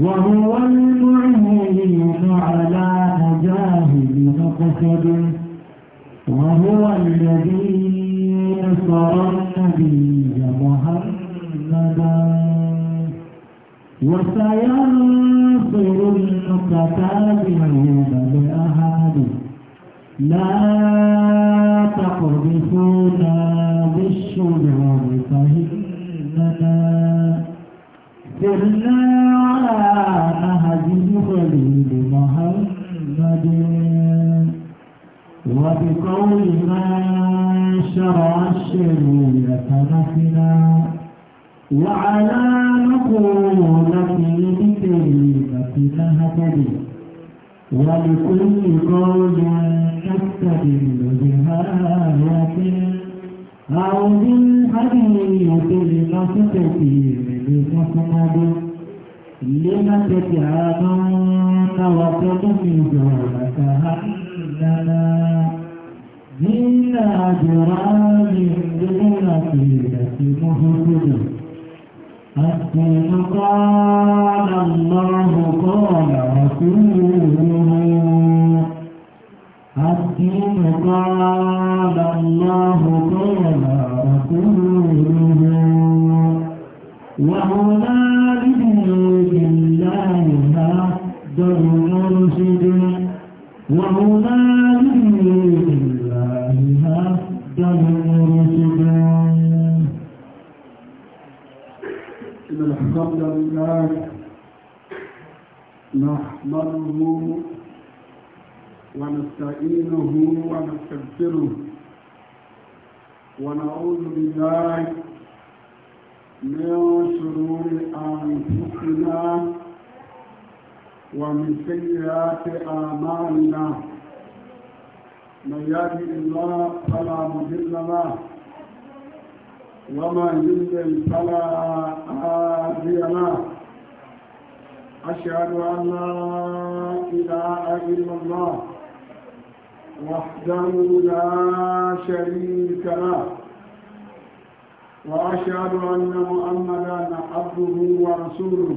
وهو المعين على هداه مقصد وهو الذي نصر النبي محمدا وسينصر المتتابعين لأهله لا تقذفونا بالشجر فإننا وبقول من شرع الشريعة مثلا وعلى مقولته بكلمة نهتدي ولكل قول نستدل بآية أو بالحديث المستقيم لمسند لم تجعلن وتقمزون كهننا من أجرام دون قيلة مهرد حتى قال الله قال رسوله الدين قال الله قال رسوله وهنالك لله مصدر مرشد وهنالك اتخذوا رسلا إن الحمد لله نحمده ونستعينه ونستغفره ونعوذ بالله من شرور أنفسنا ومن سيئات أعمالنا من يهدي الله فلا مضل له ومن يضلل فلا هادي له أشهد أن لا إله إلا الله وحده لا شريك له وأشهد أن محمدا عبده ورسوله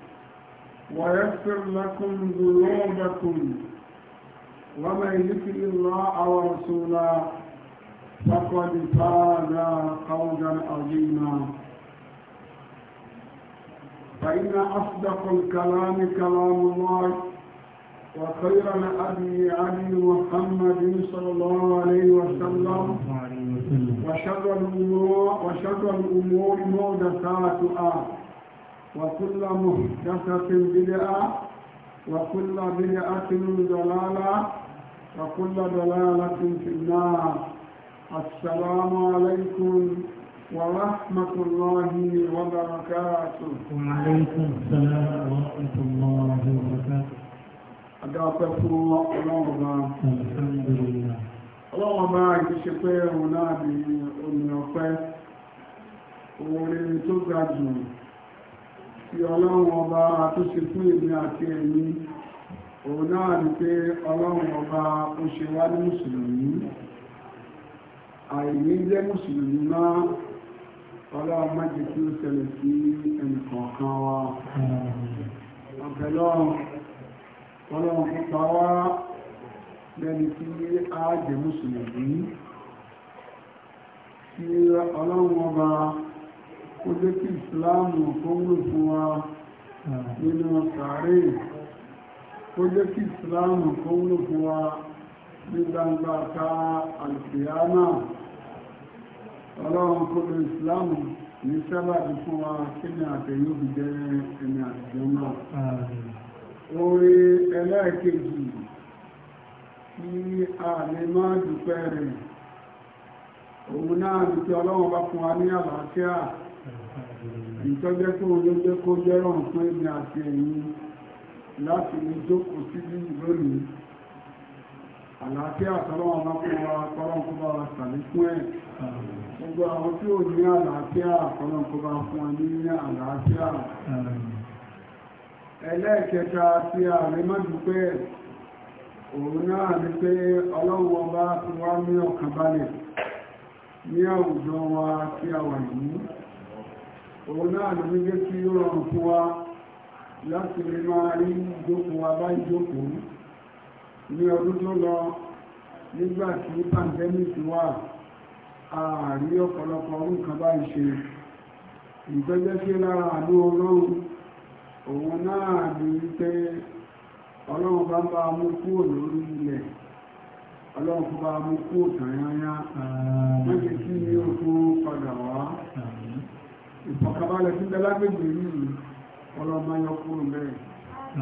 ويغفر لكم ذنوبكم ومن يطع الله ورسوله فقد فاز قولا عظيما فإن أصدق الكلام كلام الله وخير الهدي علي محمد صلى الله عليه وسلم وشر الأمور وشر الأمور وكل محدثة بدعة وكل بدعة ضلالة وكل ضلالة في النار السلام عليكم ورحمة الله وبركاته وعليكم السلام ورحمة الله وبركاته أدعوكم الله الحمد لله اللهم بارك ìṣe pé òun náà ní tí ọlọ́run ọba àtúnṣe fún èmi àti ẹ̀mí òun náà ni pé ọlọ́run ọba ó ṣe wá ní mùsùlùmí àìní jẹ́ mùsùlùmí máa ọlọ́run má jẹ́ kí ó ṣẹlẹ̀ sí ẹnìkọ̀ọ̀kan wa ọ̀pẹ̀lọ́run ọlọ́run pípa wá lẹ́ni tí á jẹ́ mùsùlùmí tí ọlọ́run ọba kó jẹ́ kí ìsìláàmù tó wúlò fún wa nínú sàárè kó jẹ́ kí ìsìláàmù tó wúlò fún wa ní gbangba ká àlùfíàmà ọlọ́run kó lè ìsìláàmù ní sábàbí fún wa kí ni àtẹ̀yìn òbí jẹ́ ẹni àtẹ̀yìn náà orí ẹlẹ́ẹ̀kejì tí a lè máa dúpẹ́ rẹ̀ òun náà ní ọlọ́run bá fún wa ní àlàáfíà ìtọ́jẹ́ tó olójẹ́ kó jẹ́ rán fún èmi àti ẹ̀yin láti ní jókòó sí ní lónìí àlàáfíà tọ́lọ́wọ́n lápọ̀wà kọ́lọ́nkọ́bá sàlékún ẹ̀ gbogbo àwọn tí ò ní àlàáfíà kọ́lọ́nkọ́bá fún wọn ní àlàáfíà ẹlẹ́ẹ̀kẹta tí ààrẹ má dúpẹ́ òun náà ní pé ọlọ́run ọba ti wá ní ọkàn balẹ̀ ní àwùjọ wa tí a wà yìí òun náà ló gbé kí ó rọrùn fún wa láti lè máa rí ìjókòó abájókòó ní ọdún tó lọ nígbà tí pandemic wà ààrí ọ̀pọ̀lọpọ̀ ọdún kan bá ń ṣe ìgbẹ́jẹ́ sí lára àánú ọlọ́run òun náà ní pé ọlọ́run bá ń bá mú kúrò lórí ilẹ̀ ọlọ́run kó bá mú kúrò tàyányá wọ́n ti kí ní oṣù padà wá ìfọ̀kàbálẹ̀ tí belágbègbè yìí ọlọ́mọ yọkúrò mẹ́rin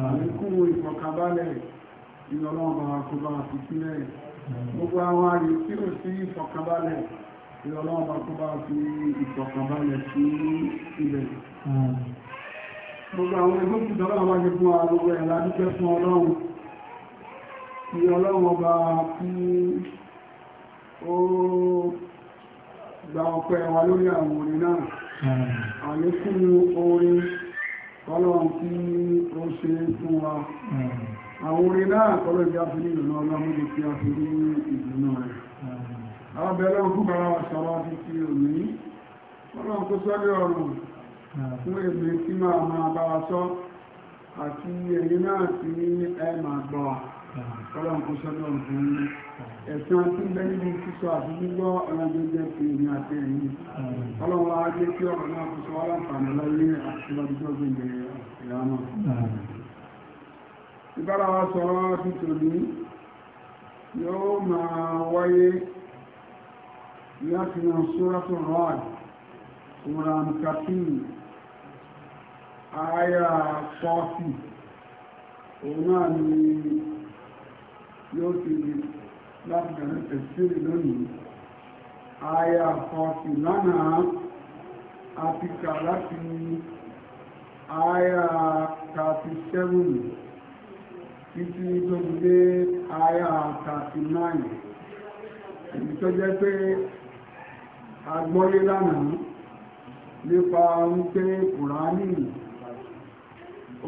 àlékún ìfọ̀kàbálẹ̀ ìlọ́lọ́mọ àkóbá àti sílẹ̀ gbogbo àwọn ààrẹ tí ó sí ìfọ̀kàbálẹ̀ ìlọ́lọ́mọ àkóbá àti ìfọ̀kàbálẹ̀ sí ilẹ̀ gbogbo àwọn ẹgbẹ́ òkúta láwọn wáyé fún àrùn ẹ̀ ládúgbẹ́ fún ọlọ́run tí ọlọ́run ọba kí ó gba ọpẹ́ wa lórí àwọn orin náà àlékún orin ọlọ́run tí ó ṣe fún wa àwọn orin náà kọ́lọ̀ ìjá fi ní ìlú ọlọ́run lè fi àfi ní ìdùnnú rẹ̀ abẹ́lẹ́ ọkùn bára wa sọ́rọ́ ti ti òní ọlọ́run tó sọ́lé ọ̀rùn fún èmi tí máa máa bá wa àti ẹ̀yin náà ti ẹ máa gbọ́ ọlọ́run kó sọ́nà ọ̀gbìn ní ẹ̀sùn tí lẹ́yìn ní sísọ àti gbígbọ́ ọlọ́jọ́ jẹ́ pé èmi àti ẹ̀yìn ọlọ́run wa jẹ́ kí ọ̀rọ̀ náà kó sọ aláǹfààní láyé àti lọ́jọ́ gbìyànjú ìyáná. ìbára wa sọ̀rọ̀ títòlí yóò máa wáyé láti yan sóràtò rọ́ọ̀d ìmọ̀ràn kàtún àyà pọ́ọ̀tì òun náà ni yóò ti láti bẹ̀rẹ̀ tẹ̀síìrì lónìí àyà ọ̀sìn lánàá àti kà láti àyà thirty seven títí tó ń dé àyà thirty nine èyí tó jẹ́ pé agbọ́lé lánàá nípa wípé kùránì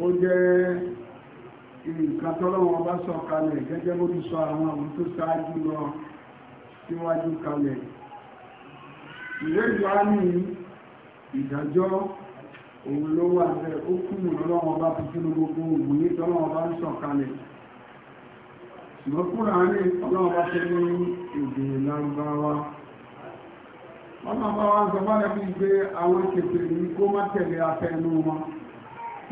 ó jẹ́ nǹkan tọ́lọ́wọ́ bá sọ kalẹ̀ gẹ́gẹ́ bó ti sọ àwọn àwọn tó sáájú lọ síwájú kalẹ̀ ìrẹ́jọ́ á ní ìdájọ́ òun ló wà bẹ́ ó kúrò lọ́wọ́ bá fi sínú gbogbo òun ní tọ́lọ́wọ́ bá ń sọ kalẹ̀ ṣùgbọ́n kúrò ní ọlọ́wọ́ bá fẹ́ ní èdè lárúbáwá wọ́n máa bá wá ń sọ bá lẹ́bí pé àwọn kèfèrè ní kó má tẹ̀lé afẹ́nú wọn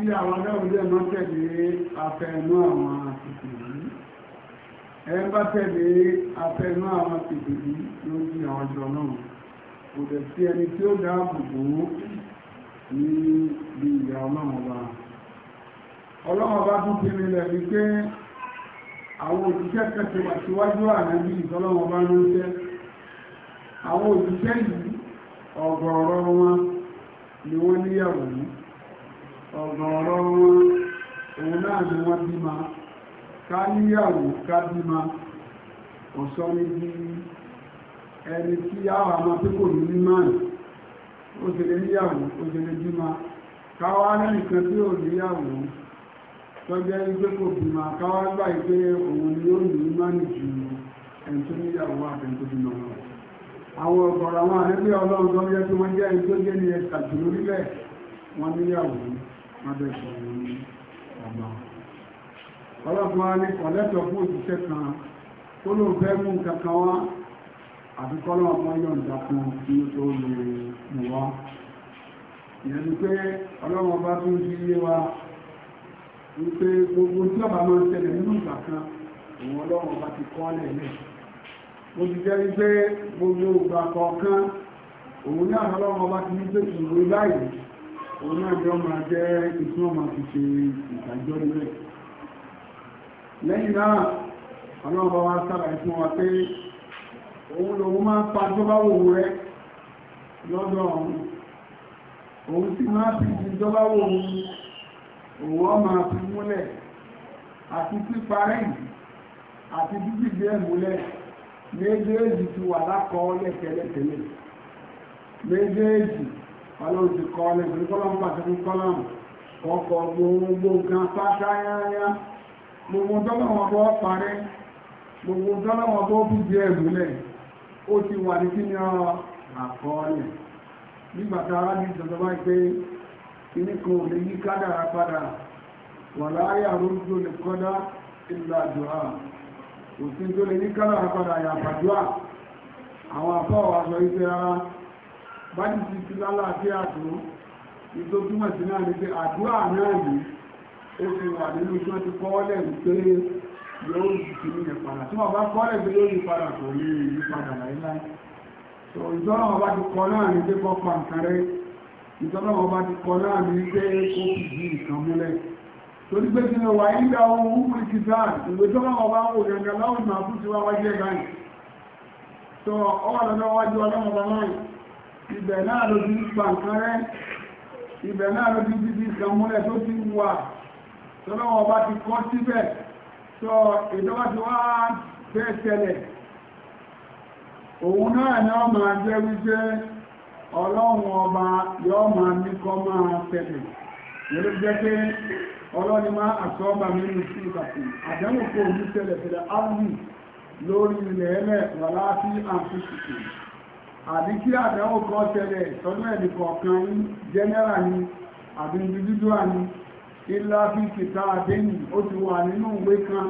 tí àwọn adáwòlẹ́ máa tẹ̀lé afẹ́nú àwọn àtìkì yìí ẹ bá tẹ̀lé afẹ́nú àwọn àtìkì yìí ló di àwọn ọjọ́ náà kò dẹ̀ sí ẹni tí ó dáàbò bò ó ní bí ìyá ọlọ́run ọba ọlọ́run ọba tún fi rinlẹ̀ wípé àwọn òṣìṣẹ́ kẹsẹ̀ wà síwájú ànábì ìtọ́lọ́wọ́ bá ń jẹ́ àwọn òṣìṣẹ́ yìí ọ̀gọ̀ọ̀rọ̀ wọn ni wọ́n níyàwó yìí ọ̀gọ̀ọ̀rọ̀ wọn òun náà ni wọ́n bímá ká níyàwó ká bímá ọ̀sọ́ ní bí ẹni tí àwọn àmọ́ tí kò ní mímọ̀ ó ṣe lè níyàwó ó ṣe lè bímá káwá lẹ́nìkan tí ò níyàwó tọ́jẹ́ ìgbé kò káwá gbà òun ni ó ní ẹni tó níyàwó àtẹni tó àwọn àwọn ọlọ́run tó wọ́n jẹ́ ẹni tó jẹ́ jù lórílẹ̀ lábẹ́ ìṣẹ̀lẹ̀ ọ̀gbà ọlọ́pàá ní ọ̀lẹ́tọ̀ fún òṣìṣẹ́ kan tó ló fẹ́ mú kankan wá àti kọ́lọ́ ọmọ yọ̀ǹda kan tí ó tó lè mú wá ìyẹn ni pé ọlọ́wọ́ bá tún fi yé wa wípé gbogbo tí ọba máa ń ṣẹlẹ̀ nínú ìgbà kan òun ọlọ́wọ́ bá ti kọ́ lẹ́lẹ̀ mo ti jẹ́ wípé gbogbo ìgbà kọ̀ọ̀kan òun ní àwọn ọlọ́wọ́ bá ti ní pé ìwé báyìí òun náà jọ máa jẹ́ ìtún ọmọ ti ṣe ìdájọ́ nílẹ̀ lẹ́yìn náà ọlọ́ọ̀bá wa sára ìfún wa pé òun lòun máa ń pa tó bá wò rẹ lọ́dọ̀ ọ̀hún òun sì máa fi ìjọba wò òun òun ọmọ àti múlẹ̀ àti píparẹ́ yìí àti gbígbé múlẹ̀ méjèèjì ti wà lákọọ́lẹ̀ tẹ́lẹ̀tẹ́lẹ̀ méjèèjì ọlọ́run ti kọ́ ọlẹ́ ìgbẹ́ tọ́lọ́mù pàṣẹ fún tọ́lọ́mù ọkọ̀ gbogbo nǹkan pátá yáyá gbogbo tọ́lọ́wọ́n bọ́ parẹ́ gbogbo tọ́lọ́wọ́n bọ́ bí jẹ́ ìmúlẹ̀ ó ti wà ní kí ni ọ àkọọ́lẹ̀ nígbàtà arábí ìjọba pé kíní kan ò lè yí kádàrá padà wà láàárín àrùn tó lè kọ́dá ìlú àjọ́à òsín tó lè yí kádàrá padà yàtàjọ́à àwọn àwọn aṣọ ìfẹ́ bá ní ti ti lálàáfíà tó ìtò túmọ̀ sí náà ni pé àdúrà náà yìí ó fi wà nínú tí wọ́n ti kọ́ọ́lẹ̀ pé yóò sì ní ìpadà tí wọ́n bá kọ́ọ́lẹ̀ pé yóò ìpadà kò ní ìyípadà láíláí so ìjọ́nà wọn bá ti kọ́ náà ní pé kọ́ pa nǹkan rẹ ìjọ́nà wọn bá ti kọ́ náà ní pé kó fi di nǹkan múlẹ̀ torí pé kí ni wà nígbà ohun wúkúrú ti dáa ìwé ìjọ́nà wọn bá wò gẹ̀gẹ̀ láwùjọ àbújọ wájú ẹ̀ báyìí so ọwọ́ lọ́dọ̀ wájú ọlọ́mọba náà ibẹ̀ náà ló ti pa nǹkan rẹ̀ ibẹ̀ náà ló ti ti kan múlẹ̀ tó ti wà tọ́lọ́wọ́ bá ti kọ́ síbẹ̀ sọ ìjọba ti wá bẹ́ẹ̀ tẹ̀lẹ̀ òun náà ni ọ máa jẹ́ wípé ọlọ́run ọba yọ máa ní kọ́ máa tẹ̀lé lórí jẹ́ pé ọlọ́ni máa àtọ́ọ̀bà nínú sí ìkàkùn àdẹ́wò kò ní tẹ̀lẹ̀ tẹ̀lẹ̀ áwùn lórí ilẹ̀ ẹlẹ́ wà láti àǹfíṣìṣì àbí kí àdánwò kan ṣẹlẹ̀ sọ́dọ̀ ẹ̀dì kọ̀ọ̀kan ní jẹ́nẹ́rà ní àbí individual ilá fi kìtà wà nínú ìwé kan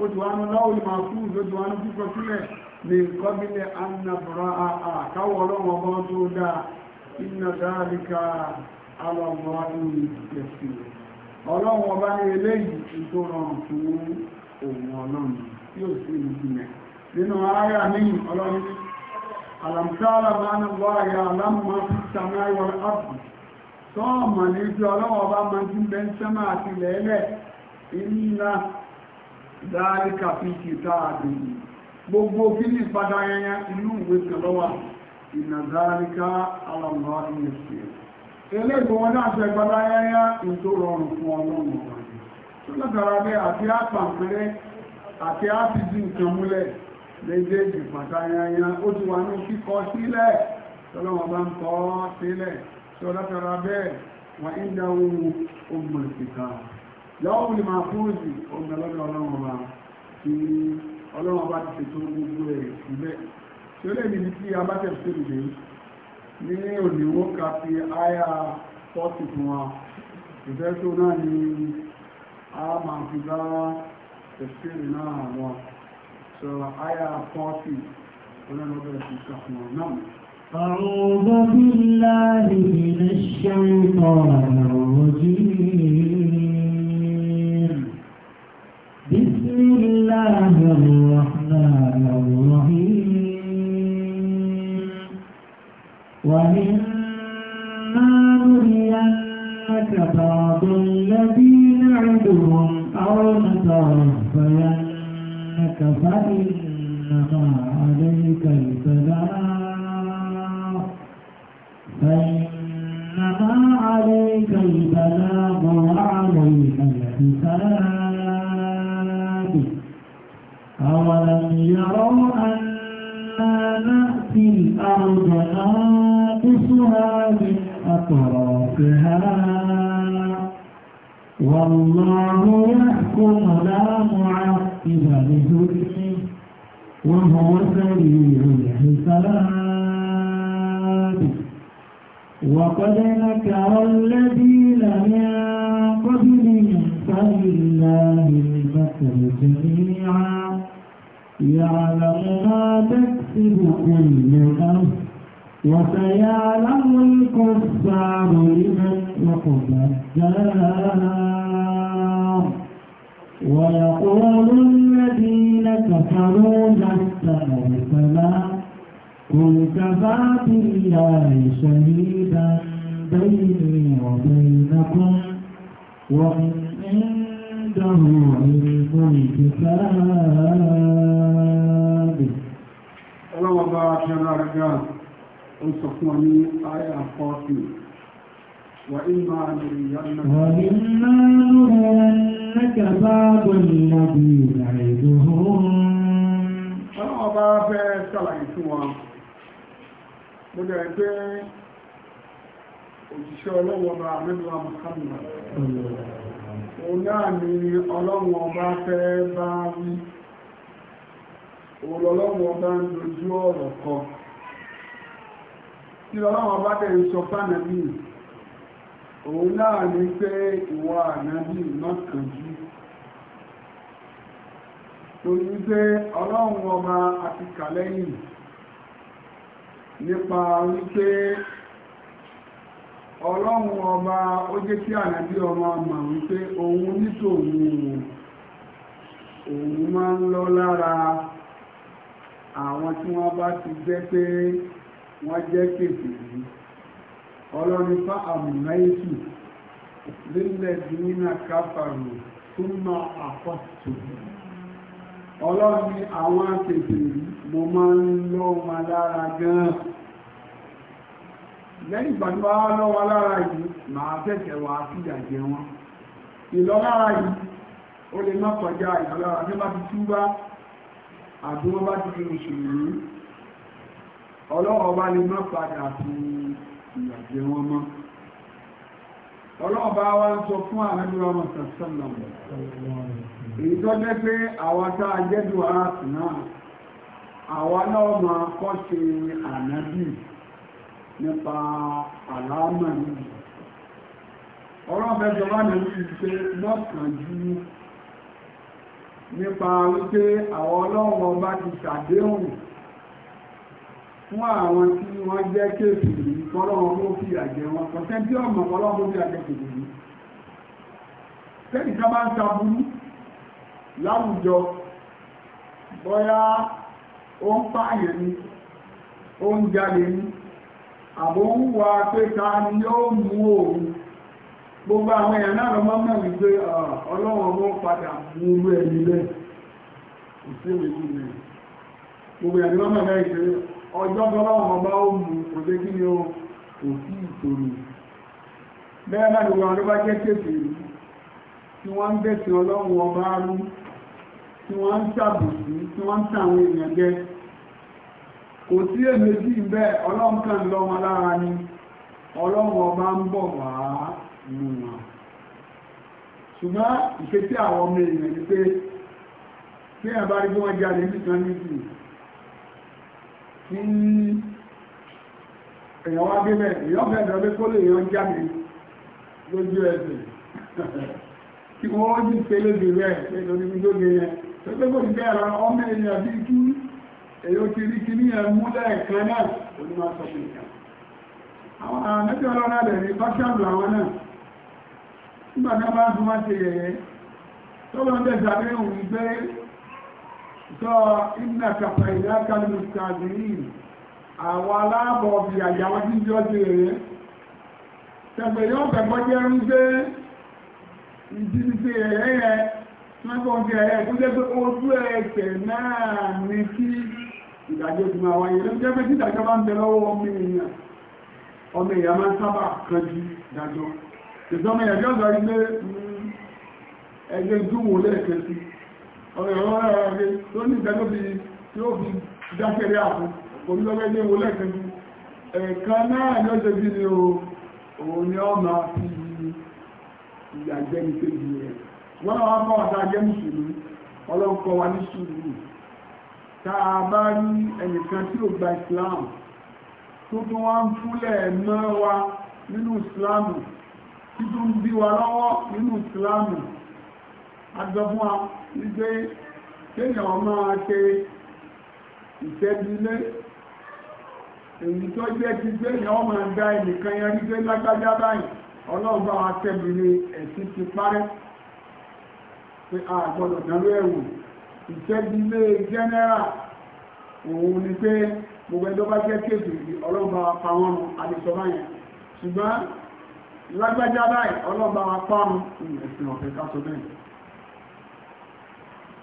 ó ti wà ní lọ́wọ́ ìmọ̀ fún ó wà ní kíkọ sílẹ̀ ní annabra àkáwọ̀ ọlọ́wọ́ tó dáa alọ́wọ́ ألم تعلم أن الله يعلم ما في السماء والأرض sọ́ọ̀mọ̀ ní ojú ọlọ́wọ́ bá máa jí bẹ́ ń sẹ́mà àti lẹ́ẹ̀lẹ̀ ìlà dáríkà fi kìtà àdìyí gbogbo kí ní padà yẹnyẹ méjèèjì pàtàyàyà ó ti wà ní kíkọ sílẹ̀ tọ́lọ́wọ́ bá ń kọ́ sílẹ̀ tó látara bẹ́ẹ̀ wà ń dáwó ogun ìsìnká lọ́wọ́ ni máa fún ìsì ogun lọ́dọ̀ ọlọ́wọ́ bá ti ọlọ́wọ́ bá ti ṣètò gbogbo ẹ̀ síbẹ̀ ìfẹ́ tó náà ni a máa fi bá tẹ̀síìrì náà wọn So, ayah 40, olóògbé ti أعوذ بالله من الشيطان الرجيم بسم الله الرحمن الرحيم ومما نرينك بعض الذين عندهم أو نتوفينك فإنها عليك البلاغ فإنما عليك أولم يروا أنا نأتي الأرض ننقصها من والله يحكم لا معقب إذا بظلم وهو سريع الحساب وقد مكر الذين من قبلهم فلله المكر جميعا يعلم ما تكسب كل نفس وسيعلم الكفار لمن عقبى الدار ويقول الذين كفروا لست مرسلا قل كفى بالله شهيدا بيني وبينكم ومن عنده علم الكتاب وإما نرينك بعض الذي نعدهم ọlọ́wọ́ bá fẹ́ sàlàyé fún wọn mo dẹ̀ pé òjíṣẹ́ ọlọ́wọ́ bá mẹ́lúwà mọ̀sánmà òun náà ni ọlọ́wọ́ bá fẹ́ bá wí òun lọ́wọ́ bá ń dojú ọ̀rọ̀ kọ tí ọlọ́wọ́ bá tẹ̀ ń sọ fánàbí òun náà ní pé ìwọ ànábì mọ́kànjú torí pé ọlọ́run ọba àti kàlẹ́yìn nípa wípé ọlọ́run ọba ó jẹ́ kí ànábì ọmọ mà wípé òun nítòun òun máa ń lọ lára àwọn tí wọ́n bá ti jẹ́ pé wọ́n jẹ́ kèfèrí ọlọ́rin fa àmìnáìtù lílẹ̀ dínínà káfàrù tún ma àpọ̀tù ọlọ́rin àwọn akẹ̀kẹ̀ mo máa ń lọ́ wọn lára gan lẹ́yìn ìgbà tí wọ́n lọ́ wọn lára yìí màá tẹ̀tẹ̀ wá fìyà jẹ wọn ìlọ́lára yìí ó lè má kọjá ìlọ́lára tí wọ́n bá ti túbá àbí wọ́n bá ti fi òṣèlú ọlọ́run ọba lè má padà fún un ìyàjẹ́ wọn mọ́ ọlọ́ọ̀bá wa ń sọ fún àrẹ́bí ọmọ sàtìsànà èyí tó jẹ́ pé àwọn a jẹ́dù ààtì náà àwa náà máa kọ́ ṣe ànábì nípa àlámà nìyí ọlọ́ọ̀bẹ jọba nìyí ṣe lọ́kànjú nípa wípé àwọn ọlọ́wọ́ bá ti ṣàdéhùn fún àwọn tí wọ́n jẹ́ kéfì kọ́lọ́wọ́ mú fi àjẹ wọn kọ̀tẹ́ tí ọmọ kọ́lọ́wọ́ fi àjẹ yìí tẹ́nìká bá ń sàbúrú láwùjọ bọ́yá ó ń pààyàn ní ó ń jalè ní àbò pé ta ni yóò mú òun gbogbo àwọn èèyàn náà lọ́mọ́ mú padà mú ẹni bẹ́ẹ̀ gbogbo ní ó mú kò kí kò sí ìṣòro bẹ́ẹ̀ náà gbogbo àwọn tó bá jẹ́ kéèkì tí wọ́n ń bẹ̀sẹ̀ ọlọ́run ọba rú tí wọ́n ń ṣàbùsí tí wọ́n ń tàwọn èèyàn jẹ kò sí èméjì ń bẹ́ ọlọ́run kan lọ́mọ lára ni ọlọ́run ọba ń bọ̀ wá nù wọn ṣùgbọ́n ìṣe tí àwọn ọmọ èèyàn ni pé kí ẹ̀ bá rí bí wọ́n jalè nìkan níbi tí èèyàn wá gbé mẹ́ èèyàn mẹ́jọ lé kó lè yàn jáde lójú ẹsẹ̀ kí wọ́n jí pé lébi rẹ̀ lórí gbogbo yẹn tó pé kò ní bẹ́ẹ̀ ra ọmọ èèyàn bí kí èèyàn ti rí kí ní ẹ̀ mú lẹ́ẹ̀kan náà onímọ̀ sọ fún ìkà àwọn àmẹ́bí ọlọ́rọ̀ rẹ̀ ní fásitì àwọn náà nígbà náà bá ń fún wá ṣe àwọn aláàbọ̀ bụ àyàwó tí yọ́ ti rẹ̀ tẹ̀pẹ̀ yọ́ pẹ̀pọ̀ jẹ́ ń gbé ìdílé ẹ̀rẹ́ yẹn mẹ́fọ́n jẹ́ pé ojú ẹ̀ẹ̀kẹ̀ náà ní kí ìdájọ́ ti máa wáyé lọ́jọ́ pé tí ìdájọ́ bá ń lọ́wọ́ ọmọ èèyàn ọmọ èèyàn máa ń sábà kan olúlọ́gbẹ́ ní ìwò lẹ́kàn ní ẹ̀ẹ̀kan náà ni ó ṣe bí ní o òun ni ọ máa fi ìyàjẹ́ ní tèbi rẹ̀ wọ́n wá kọ́ ọ̀tá jẹ́ mùsùlùmí ọlọ́nkọ́ wa ní sùúrù tá a bá rí ẹnìkan tí ò gba Islam tó tún wá ń fúnlẹ̀ mọ́ wa nínú Islam títún ń bí wa lọ́wọ́ nínú Islam adọ́fún wa wípé kéèyàn máa ṣe ìṣẹ́bílé èyí tó jẹ́ ti gbé yẹn ọmọ ẹ̀dá ẹnìkan yẹn rí gbé lágbájá báyìí ọlọ́run bá wa tẹ́bìrì ẹ̀sìn ti parẹ́ pé a gbọ́dọ̀ dánwó ẹ̀wò ìṣẹ́gbílé jẹ́nẹ́rà òun ni pé gbogbo ẹjọ́ bá jẹ́ kéèkì ọlọ́run bá wa pa wọ́n mu àdìsọ báyìí ṣùgbọ́n lágbájá báyìí ọlọ́run bá wa pa mu ẹ̀sìn ọ̀fẹ́ ká sọ bẹ́ẹ̀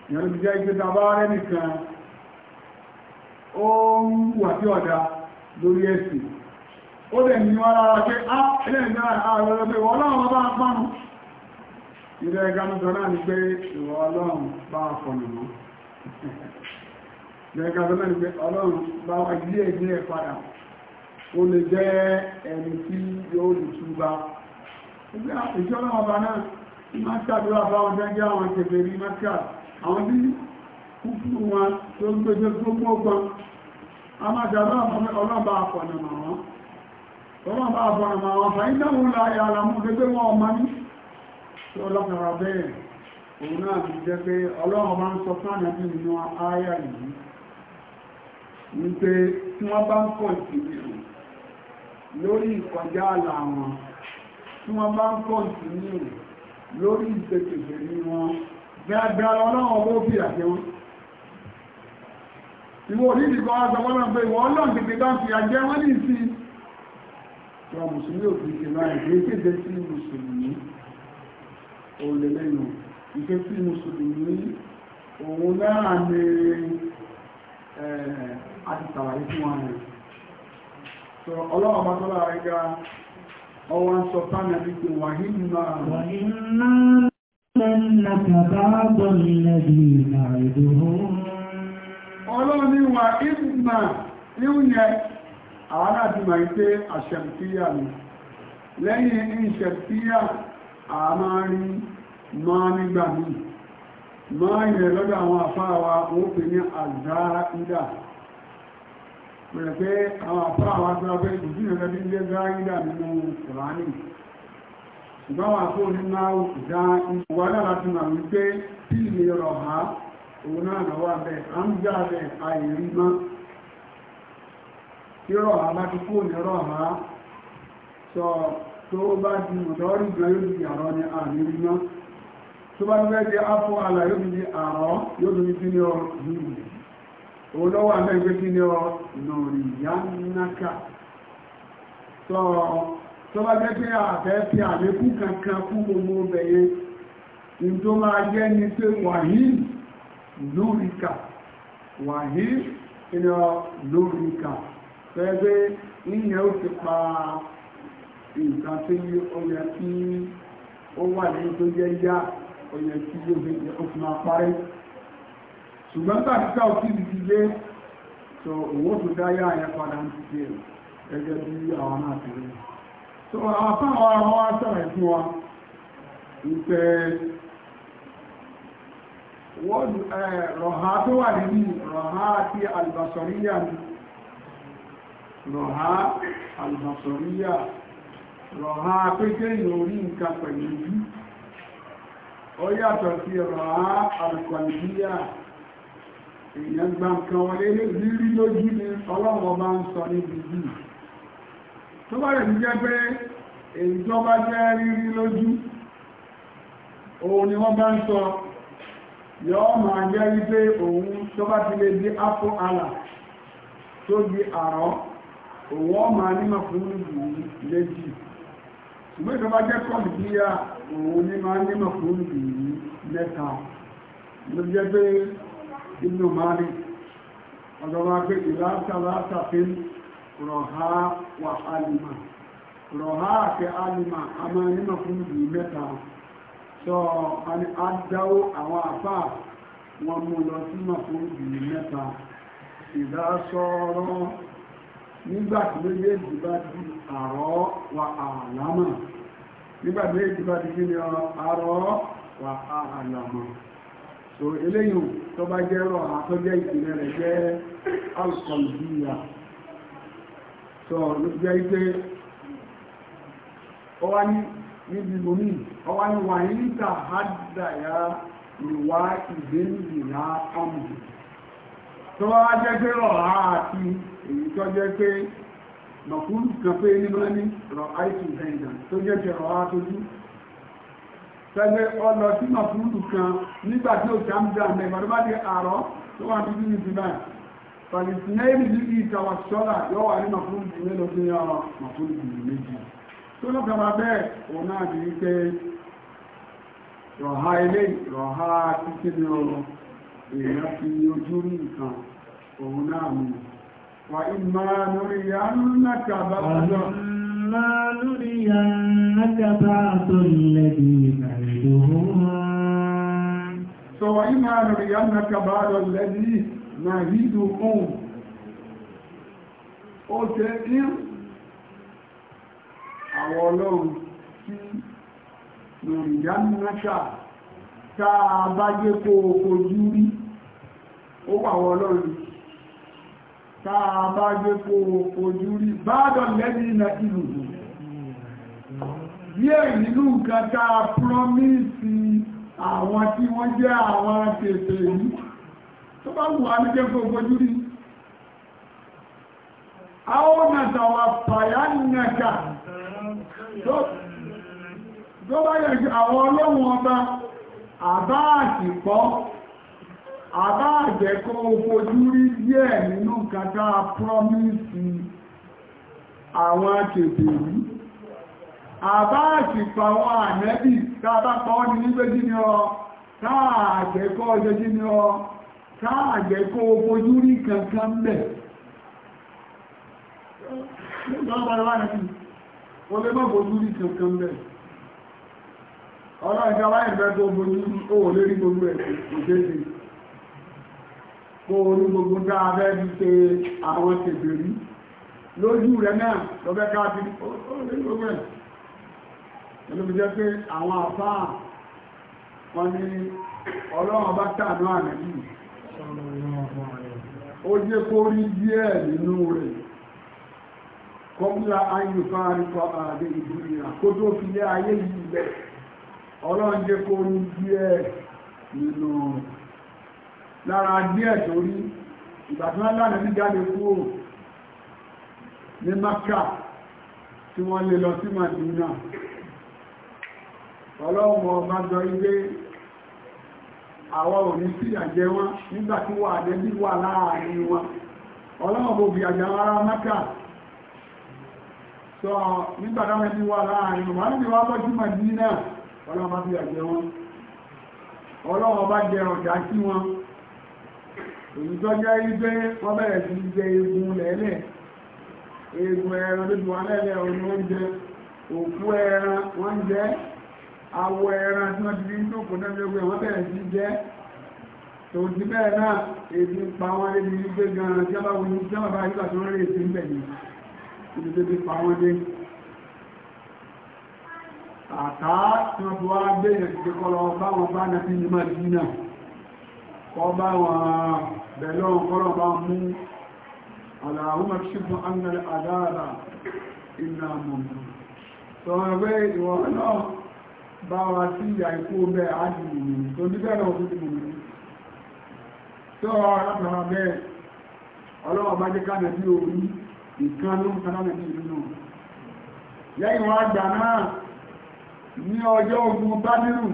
ìyẹn ló ti jẹ́ ìgbésà bá rẹ́ ó ń wà sí ọ̀dà lórí ẹ̀sìn ó dẹ̀ ní wọ́n lára pé á ẹlẹ́yìn náà ààrẹ rẹ̀ pé wọ́n láwọn bá pánu ilẹ̀ ẹgbàmọ́sọ náà ni pé ìwọ̀ ọlọ́run bá fọ̀nà mọ́ ilẹ̀ ẹgbàmọ́sọ náà ni pé ọlọ́run bá wà ilé ẹgbẹ́ ẹ̀ padà ó lè máa ṣàdúrà bá wọn jẹ́ jẹ́ àwọn kèfèrí máa ṣà àwọn tí kúkú wọn tó ń gbé a máa jàbá àwọn ọlọ́ba àfọ̀nàmà wọn ọlọ́ba àfọ̀nàmà wọn fàyí dáhùn láyé alamú gẹ́gẹ́ wọn ọmọ ní tí ọlọ́pàá bẹ́ẹ̀ òun náà ti jẹ́ pé ọlọ́run bá ń sọ fún ànábì nínú ááyà yìí ní pé tí wọ́n bá ń pọ̀ sí lórí ìkọjá àlà wọn tí wọ́n bá ń pọ̀ sí lórí ìgbẹ́kẹ̀gbẹ̀ ní wọn gbẹ́gbẹ́ ọlọ́run ó fi àjẹ́ ìwọ òdídì kan wá sọpọ́nà pé ìwọ ọlọ́n tètè bá ń fi àjẹ́ wọ́n ní sí ìwọ mùsùlùmí ò fi ṣe kéde sí mùsùlùmí sí mùsùlùmí òun náà ni àti fún wọn rẹ̀ so ọlọ́wọ́ bá tọ́lá ọlọ́run ní wà ìgbìmà ìwúnyẹ àwọn láti máa ń pé àṣẹ̀mtíyà ni lẹ́yìn ìṣẹ̀mtíyà àmà rí máa nígbà míì máa yẹ lọ́dọ̀ àwọn àfáàwà wọ́n pè ní àzáídà pẹ̀lẹ̀ pé àwọn àfáàwà tó wá pé ìbùsùn nínú kùránì òun náà náà wà bẹ́ẹ̀ a ń já rẹ̀ àìrí mọ́ tí rọ̀ ha bá ti kó ní rọ̀ ha sọ tó bá di ọ̀dọ́rí gan yóò di àrọ́ ní àìrí mọ́ tó bá fẹ́ di afọ àlà yóò di àrọ́ yóò di kí ni ọ lùrù òun lọ́wọ́ àmẹ́gbẹ́ kí ni ọ lòrì yánáka sọ tó jẹ́ pé àfẹ́ àlékún kankan fún gbogbo bẹ̀yẹ ní máa jẹ́ ni pé wàhíì lóríkà wàhí iná lóríkà fẹ́gbé ìyẹn ó ti pa nǹkan tí ó yẹ kí ó wà ní tó jẹ́ yá ó yẹ kí ó fi máa parí ṣùgbọ́n bá ti ká òkú ìdíjí gbé so owó tó dá yá yẹn padà ń ti jẹ́ gẹ́gẹ́ bí àwọn náà ti rí so àwọn afáwọn àwọn wá sọ̀rọ̀ fún wa wọ́n eh, rọ̀há tó wà níbi rọ̀há àti albasoriya ni rọ̀há albasoriya rọ̀há péjẹ́ ìròrí nǹkan pẹ̀lú ojú ó yàtọ̀ sí rọ̀há alkọ̀lìyà èèyàn gba nǹkan wọlé rírí lójú ni ọlọ́wọ́ bá ń sọ níbi yìí tó bá rẹ̀ jẹ́ pé èyí tó bá jẹ́ rírí lójú òun ni wọ́n bá ń sọ yọ́ ma jẹ́ wípé owu tó bá ala tó di àrọ́ òun ọ máa ní máa fún ìlú méjì ṣùgbọ́n ìjọba jẹ́ kọ́ọ̀lù kí yá òun ní máa ní máa fún ìlú mẹ́ta ló jẹ́ pé inú máa rí ọjọ́ba pé fi a máa sọ adáwó àwọn àfà wọn mú lọ sí màfún ìlú mẹ́ta ìdásọ́rọ́ nígbàtí méjèèjì bá di àrọ́ wa àlámà nígbàtí méjèèjì di kí ni àrọ́ wa àlámà so eléyìn tó bá jẹ́ rọ̀ àtọ́jẹ́ rẹ̀ jẹ́ níbi lómi ọwá ní wà ní níta àdáyà ìwà ìgbéǹdì náà tó wá jẹ́ pé rọ̀rá àti èyí tó jẹ́ pé mọ̀kúrú kan pé ní mọ́ ní rọ̀ àìsù ìdẹ̀ǹdà tó jẹ́ pé rọ̀rá tójú tẹ́lẹ̀ ọlọ sí kan nígbà tí ó ti àmì dà bá àárọ̀ tó wà ní ìtawà sọ́là wà ní tó lọ́kàrà bẹ́ẹ̀ òun náà ní wípé rọ̀há ilé rọ̀há títí ní ọrọ̀ èèyàn fi ojú ní nǹkan òun náà mú wà ìmá lórí yánúnàkà bá tọ́jọ́ ìmá lórí yánúnàkà bá tọ́jọ́ lẹ́bí ìgbàlẹ̀ àwọn ọlọ́run tí yorùbá náṣà tá a bá yé kó ojú rí ó wà àwọn ọlọ́run tá a bá yé kó ojú rí báadọ̀ lẹ́bí na ìlú díẹ̀ nínú nǹkan tá a promise àwọn tí wọ́n jẹ́ àwọn tètè yìí tó bá wù á ní jẹ́ kó ojú rí àwọn nàtàwà pàyánìyànká tó bá yẹ kí àwọn ọlọ́run ọba àbá àṣìpọ́ àbá àjẹ́kọ́ ojú rí díẹ̀ nínú kàtà promise àwọn akèbèrú àbá àṣìpọ̀ àwọn ànẹ́bì tàbápọ̀ ní nígbéjì ni ọ káàjẹ́kọ́ ọjọ́jí ni ọ káàjẹ́kọ́ ojú rí kankan bẹ̀ Ìjọba ìwádìí o lè mọ́ bojú rí kankan bẹ̀ ọ̀rọ̀ ìjọba ìfẹ́ tó bojú ó wò lérí gbogbo ẹ̀ òṣèlú kó orí gbogbo dáadẹ́ bí ṣe àwọn tèbèrí lójú rẹ̀ náà lọ́bẹ́ káàkiri ó lérí gbogbo ẹ̀ ẹ̀lú fi jẹ́ pé àwọn àfáà wọn ni ọlọ́run bá tàánú àmì ó jẹ́ kó rí díẹ̀ nínú rẹ̀ kọ́mílà ayùfà àríkọ́ àdé ìdúnìyà kó tó fi lé ayé yìí lẹ̀ ọlọ́run jẹ́ kó ní díẹ̀ nínú lára díẹ̀ torí ìgbà tí wọ́n lánàá ní jáde kúrò ní maka tí wọ́n lè lọ sí ọlọ́run ọba jọ ilé àwọn òní sí àjẹ wọn nígbà sọ nígbàtà mẹ́bí wà láàrin wà níbi wà bọ́ sí Mẹdínà ọlọ́run bá fi àjẹ wọn ọlọ́run bá jẹ ọ̀dá sí wọn èyí tó jẹ́ ibé wọ́n bẹ̀rẹ̀ sí jẹ egun lẹ́lẹ̀ egun ẹran tó ti wà lẹ́lẹ̀ òní oúnjẹ òkú ẹran wọ́n jẹ awọ ẹran tí wọ́n ti fi ń tókò náà lórí wọ́n bẹ̀rẹ̀ sí jẹ tó ti bẹ́ẹ̀ náà èdè pa wọn lébi gbé gan-an tí tó ń rèé sí ń ibi débi pa wọ́n dé àtà tí wọ́n fi wá gbé ìrẹ̀kẹ́ kọlọ báwọn bá nà fi nímọ̀ sí náà kọ báwọn bẹ̀lọ́ kọlọ bá mú aláhùnmọ̀ sí fún angẹ́lẹ̀ àdáàrà iná mọ̀mọ̀ tọ́wọ́wẹ́ ìwọ̀n náà bá wa sí ìyà ikú bẹ́ẹ̀ ọdún mọ̀mọ̀ nǹkan ló ń kaná lẹ́nu nínú lẹ́yìn wọn àgbà náà ní ọjọ́ ogun bádìrù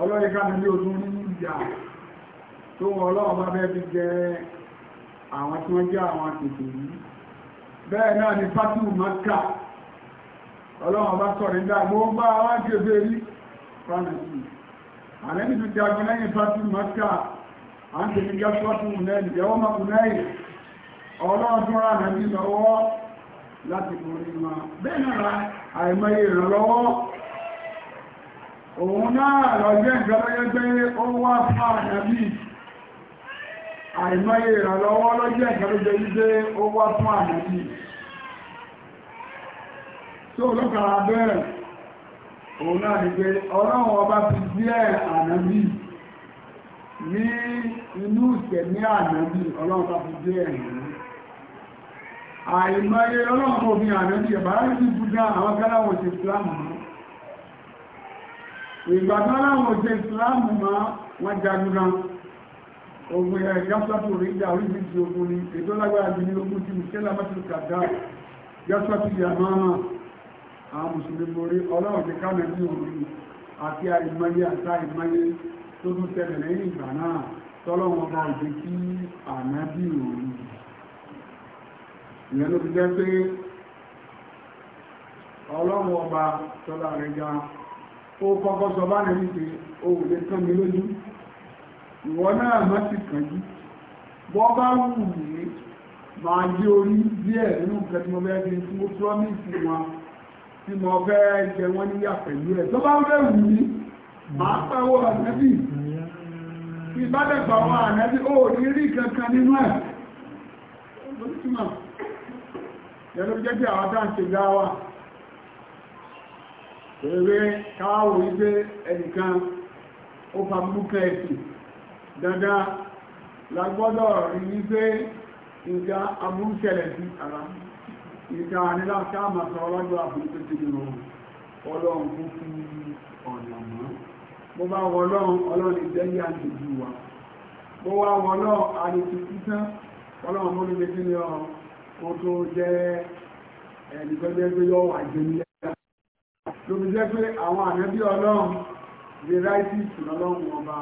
ọlọ́rin ká nílé ogun ní ìjà tó wọn ọlọ́run bá bẹ́ẹ̀ fi jẹ àwọn tí wọ́n jẹ́ àwọn àtètè yìí bẹ́ẹ̀ náà ni fátìmù maka ọlọ́run bá sọ̀rọ̀ nígbà gbogbo àwọn àjẹbẹ rí fánàtì àlẹ́ nìtútù àgbẹ̀ lẹ́yìn fátìmù maka à ń tẹ̀lé gásíwátìmù náà ọlọ́dún ránà ní lọ́wọ́ láti borí ma bẹ́ẹ̀nàrà àìmọye ìrànlọ́wọ́ òun náà lọ́jẹ́ ìgbẹ́lẹ́gbẹ́ ó wá fà nàbí àìmọye ìrànlọ́wọ́ lọ́jẹ́ ìgbẹ́lẹ́gbẹ́ wípé ó wá fà nàbí tó lọ́kàrà bẹ́ẹ̀ òun náà ni pé ọlọ́run ọba ti díẹ̀ ànábì ní inú ìṣẹ̀ ní ànábì ọlọ́run ọba ti díẹ̀ ìrànlọ́wọ́ àìmọye ọlọ́run òfin àrẹ́bí ẹ̀bá rí búdá àwọn gáláwọ̀ ti islamu mọ́ ìgbà gáláwọ̀ ti islamu mọ́ wọ́n ogun rí ìjà oríṣiríṣi ogun ni ètò lágbára jù ní ogun ti mùsẹ́lá mẹ́tìlú kàdá gáfàtò yàmáà ìyẹn ló fi jẹ́ pé ọlọ́run ọba tọ́lá rẹ̀ ga ó kọ́kọ́ sọ bá nìrí pé ó wù lè kán mi lójú ìwọ náà má sì kàn jí bọ́ bá wù mí máa jí orí díẹ̀ nínú nǹkan tí mo fẹ́ fi fún ó promise wọn tí mo fẹ́ jẹ wọ́n níyà pẹ̀lú ẹ̀ tó bá ń fẹ́ wù mí máa pẹ́ owó ànẹ́bì ìbádẹ́gbà wọn ànẹ́bì ó ní rí kankan nínú ẹ̀ lẹ́nu jẹ́ bí àwọn tá ń ṣe gáwà pẹ̀lẹ́ káwò wípé ẹnìkan ó fa múkẹ́ ẹ̀sì dandan lágbọ́dọ̀ rí wípé nǹkan abúrúṣẹlẹ̀ sí ara nǹkan ànílá káàmà sọ ọlọ́jọ́ àbúrúṣẹ́ ti nù ọlọ́run kún fún ọ̀nà mọ́ bó bá wọlọ́run ọlọ́run ìjẹ́yí àjòjú wa bó wá wọlọ́run àdìsí títán ọlọ́run mọ́lúgbé sí ní ọ̀run ó tó jẹ́ ẹni tó jẹ́ pé yọ wà jẹ́ nílẹ̀ lómi jẹ́ pé àwọn ànábí ọlọ́run lè ráìtì ìṣúná ọlọ́run ọba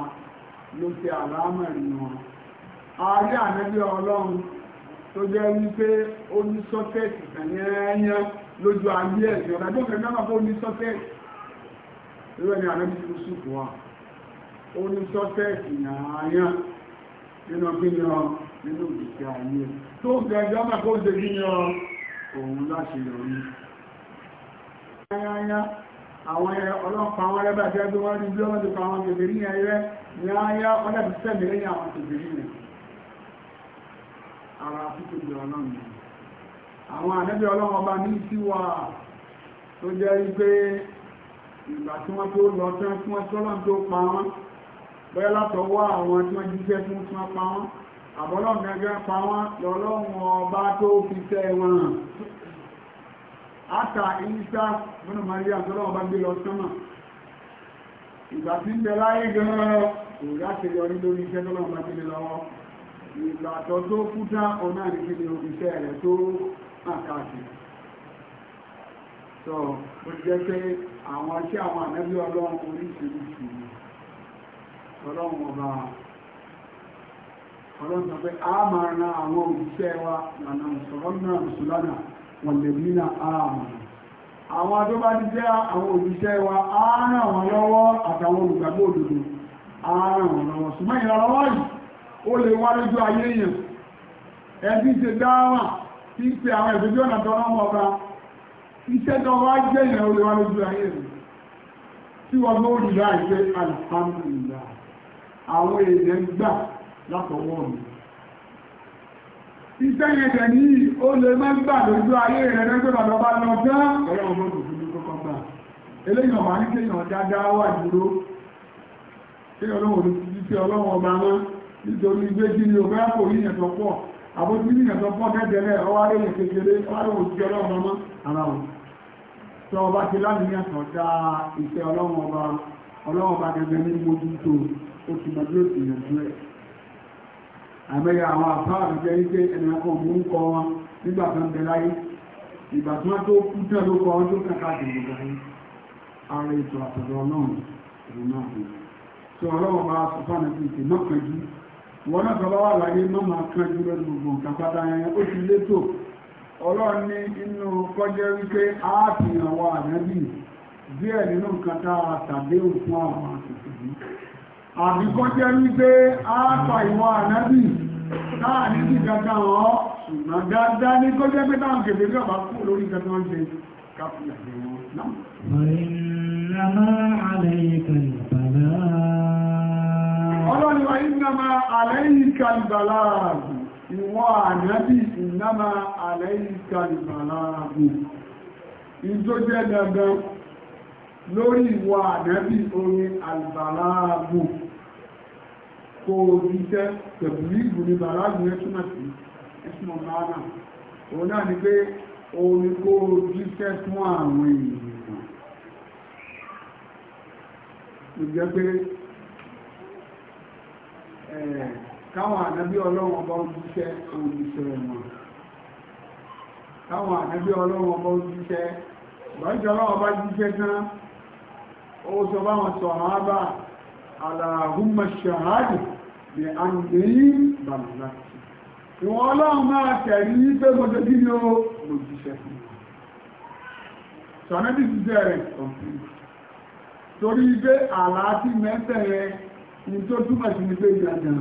ló ṣe àlámà ìrìn wọn ààrẹ ànábí ọlọ́run tó jẹ́ wípé ó ní sọ́kẹ́ẹ̀tì kàníyàn lójú ayé ẹ̀sìn ọ̀dájọ́ kẹ́kẹ́ náà fó ní sọ́kẹ́ẹ̀tì lórí ẹni ànábí ti sùkú wa ó ní sọ́kẹ́ẹ̀tì yàáyàn nínú òjìṣẹ́ ayé tó ń gẹ ẹgbẹ́ ọmọ kó ń ṣe kí yan òun láṣe yọrí ayáyá àwọn ọlọ́pàá wọn rẹ́bà jẹ́ bí wọ́n rí bí wọ́n ti pa àwọn kèfèrí yẹn rẹ́ ní ayá wọ́n dàbí sẹ́mi lẹ́yìn àwọn kèfèrí yẹn ara títí di ọlọ́run àwọn ànẹ́bí ọlọ́run ọba ní sí wa tó jẹ́ wípé ìgbà tí wọ́n tó lọ tán tí wọ́n tọ́lọ́n tó pa wọ́n bẹ́ẹ̀ látọwọ́ àwọn tí wọ́n jíṣẹ́ tí wọ́n pa wọ́n àbọ́lọ́run ẹgbẹ́ pa wọ́n lọ́lọ́run ọba tó fi tẹ́ wọn hàn ata ìsá bọ́nà maria tọ́lọ́wọ́ bá gbé lọ sánmà ìgbà tí ń bẹ láyé gan-an kò láti yọ ní lórí iṣẹ́ tọ́lọ́wọ́ bá gbé lọ́wọ́ ìgbà tó tó kúta ọ̀nà ìpínlẹ̀ iṣẹ́ rẹ̀ tó àkàtì sọ ó jẹ́ pé àwọn iṣẹ́ àwọn ànábí ọlọ́run oríṣiríṣi ọlọ́run ọba ọlọ́sọ pé a máa ran àwọn òṣìṣẹ́ wa lànà ìṣòro àwọn tó ti jẹ́ àwọn òṣìṣẹ́ wa a ràn lọ́wọ́ àtàwọn a lọ́wọ́ ṣùgbọ́n ìrànlọ́wọ́ yìí ó lè wá lójú ayé èèyàn ẹbí ṣe dáwà tí ń pe àwọn ọ̀nà tó rán ọba iṣẹ́ tó wá jẹ́ lójú ayé látọwọ́ mi iṣẹ́ yẹn tẹ̀ ní ó lè má gbà lójú ayé rẹ̀ lẹ́gbẹ̀rẹ̀ ọ̀dọ́bá lọ gán ọ̀rọ̀ ọmọ òṣèlú ní kọ́kọ́ gbà eléyàn wà ní kéèyàn dáadáa wà dúró kí ọlọ́run ní ti ṣe ọlọ́run ọba náà nítorí gbé kí ni òfẹ́ kò yí yẹn tó pọ̀ àbójú ní yẹn tó pọ̀ tẹ́tẹ́lẹ̀ ọwárẹ̀ yẹn kékeré ọwárẹ̀ òṣìṣẹ́ ọlọ́run ọmọ ara wọn tó ọba ti láti yẹn tó dá iṣẹ́ ọlọ́run ọba ọlọ́run ọba gẹ́gẹ́ ní mojú tó ó ti mọ bí ó ti yẹn tó ẹ̀ àmẹ́yà àwọn àfáà jẹ́ wípé ẹnìyàn mú ń kọ wọn nígbà tó ń bẹ láyé ìgbà tí wọ́n tó kú tẹ́ ló kọ wọn tó kàkà dìbò gbáyé ara ètò àtọ̀dọ̀ ọlọ́run ìrùn náà fi so ọlọ́run bá sọ fáwọn ẹbí ìpè náà kanjú wọn náà sọ bá wà láyé má máa kanjú lórí gbogbo nǹkan pátá a fi hàn wa ànábì díẹ̀ nínú nǹkan tá a tàbí àbí kó jẹ́ wípé àpà ìwọ ànábì náà ní sí gàgà ọ́ ṣùgbọ́n dáadáa ní kó jẹ́ pé táwọn kèfèé bí ọ̀bá kú lórí gàgà wọn ṣe káfíà lórí ìwọ ànábì orin àlùbàlá kó oríṣẹ́ pẹ̀lú ìlú ní bàrágùn ẹ́túnmọ̀ sí ẹ̀sùnmọ̀ márùn òun náà ni pé orí kó oríṣẹ́ fún àwọn èèyàn ìjẹ́ pé káwọn ànábí ọlọ́wọ́n bá ń jíṣẹ́ oríṣẹ́ wọn káwọn ànábí ọlọ́wọ́n bá ń jíṣẹ́ ìbájọ́ ọlọ́wọ́n bá jíṣẹ́ tán ó sọ báwọn sọ̀rọ̀ àbá àlàáhùn mọ̀ṣẹ̀ àádìí lè àmì bàmàlá ìwọ̀n ọlọ́run máa tẹ̀rí ní pé mo tó kí ni ó mo jíṣẹ́ fún mi sọ̀nẹ́bí ti jẹ́ rẹ̀ complete torí pé àlàáfí mẹ́tẹ̀ rẹ̀ ni tó túmọ̀ sí ni pé dandan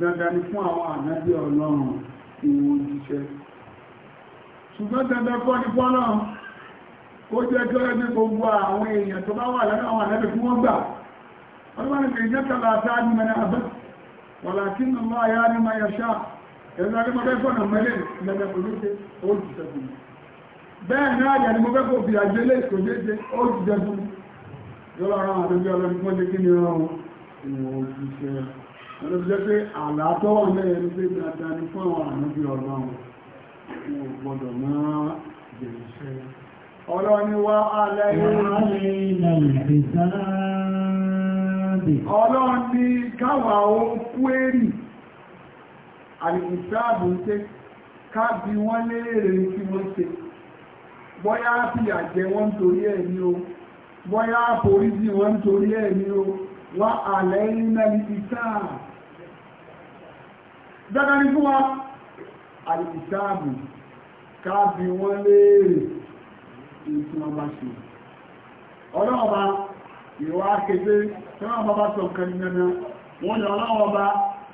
dandan ni fún àwọn ànábí ọlọ́run ìwọ̀n jíṣẹ́ ṣùgbọ́n dandan kọ́ ni fọ́lọ́run kó jẹ́ kí ọlọ́run gbogbo àwọn èèyàn tó bá wà lọ́dọ̀ àwọn ànábí fún wọn gbà Allah kai jaka la ta ni mana abad walakin Allah ya ni ma yasha ẹ̀rọ ni mo fẹ́ fọ́nà mẹ́lẹ̀ lẹ́gbẹ̀ kò ní ṣe ó ti sẹ́gun bẹ́ẹ̀ náà yà ni mo fẹ́ kò fi àjẹlé kò ní ṣe ó ti sẹ́gun yọ́lá ara àwọn àdójú ọlọ́ni kí wọ́n jẹ́ kí ni ọ̀rọ̀ ìwọ̀n òṣìṣẹ́ ẹ̀rọ jẹ́ pé àlá tó wà mẹ́rin ẹni pé dáadáa ni fún àwọn àdójú ọlọ́run wọn gbọ́dọ̀ máa jẹ̀rẹ̀ iṣẹ́ ọlọ́ni wá alẹ́ ìrìn àìsàn Sunday. Ọlọ́run ní káwà ohun kúérì, àìsíṣàbò ń tẹ́ ká bí wọ́n léèrè tí wọ́n ṣe. Bọ́yá fi àjẹ wọ́n torí ẹ̀ ní o, bọ́yá foríjì wọ́n torí ẹ̀ ní o, wá àlẹ́ iná ní ìsáà. Dáadáa ní fún wa, àìsíṣàbò ká bí wọ́n léèrè tí wọ́n bá ṣe. Ọlọ́ọ̀ba ìwà kéde tẹ́wọ́n ọba bá sọ nǹkan nínú wọ́n ni ọlọ́wọ́ bá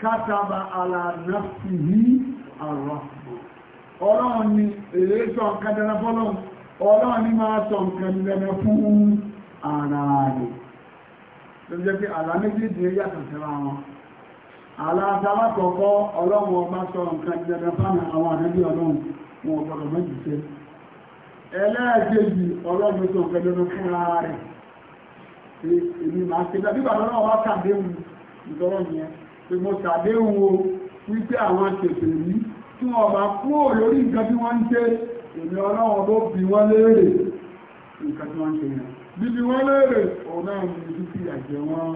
kátàbà alànàfì ní àrọ̀ ọlọ́run ni sọ nǹkan ni máa sọ nǹkan nínú fún ara rẹ̀ tó jẹ́ pé àlá sọ fún ara pé èmi máa ṣe bẹ́ẹ̀ bíbà lọ́nà wá ṣàdéhùn ìtọ́rọ̀ yẹn pé mo ṣàdéhùn o wípé àwọn ṣèṣè rí tí wọ́n bá kúrò lórí nǹkan tí wọ́n ń ṣe èmi ọlọ́run ló bi wọ́n léèrè nǹkan tí wọ́n ṣe yẹn bíbi wọ́n léèrè òun náà ní ibi àjẹ wọn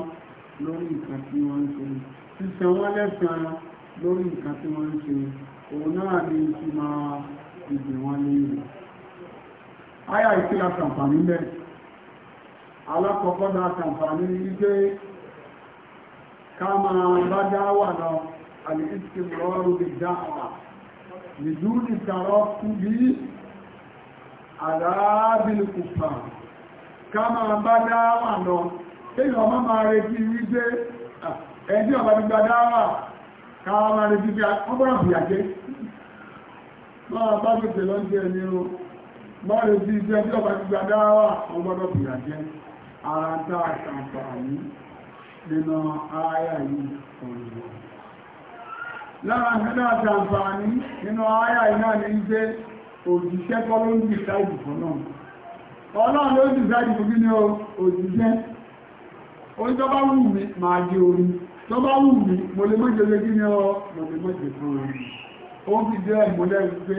lórí nǹkan tí wọ́n ń ṣe sísan wọn lẹ́sàn lórí nǹkan tí wọ́n ń ṣe òun náà ní ìtumọ̀ ìgbè wọn léèrè. Aya ìṣe àtàǹfààní mẹ́rin. alákọ̀ọ́kọ́ dá sàǹfàní wípé ká máa bá dáwà lọ àlèkìtì rọrùn lè dáwà nìdúrì tààrọ fún bí àdábìlì kùfà ká máa bá dáwà lọ èyí ọmọ máa retí wípé ẹni ọba ti gba dáwà ká máa retí bí ọgbọ́n àbìyàjẹ́ máa bá lọ́jẹ́ ẹni o ẹni gba ara ń tàà ṣàǹfààní nínú ayà yìí ọ̀rọ̀ lára ń tàà ṣàǹfààní nínú ayà yìí náà ní pé òjíṣẹ́ kọ́ ló ń dìsáìdì fún náà ọlọ́run ló ń dìsáìdì fún nínú òjíṣẹ́ orí tó bá wù mí máa di orí tó bá wù mí mo lè mọ́jọ lé kí ní ọ mo lè mọ́jọ fún orí ó fi jẹ́ ìmúlẹ̀ wípé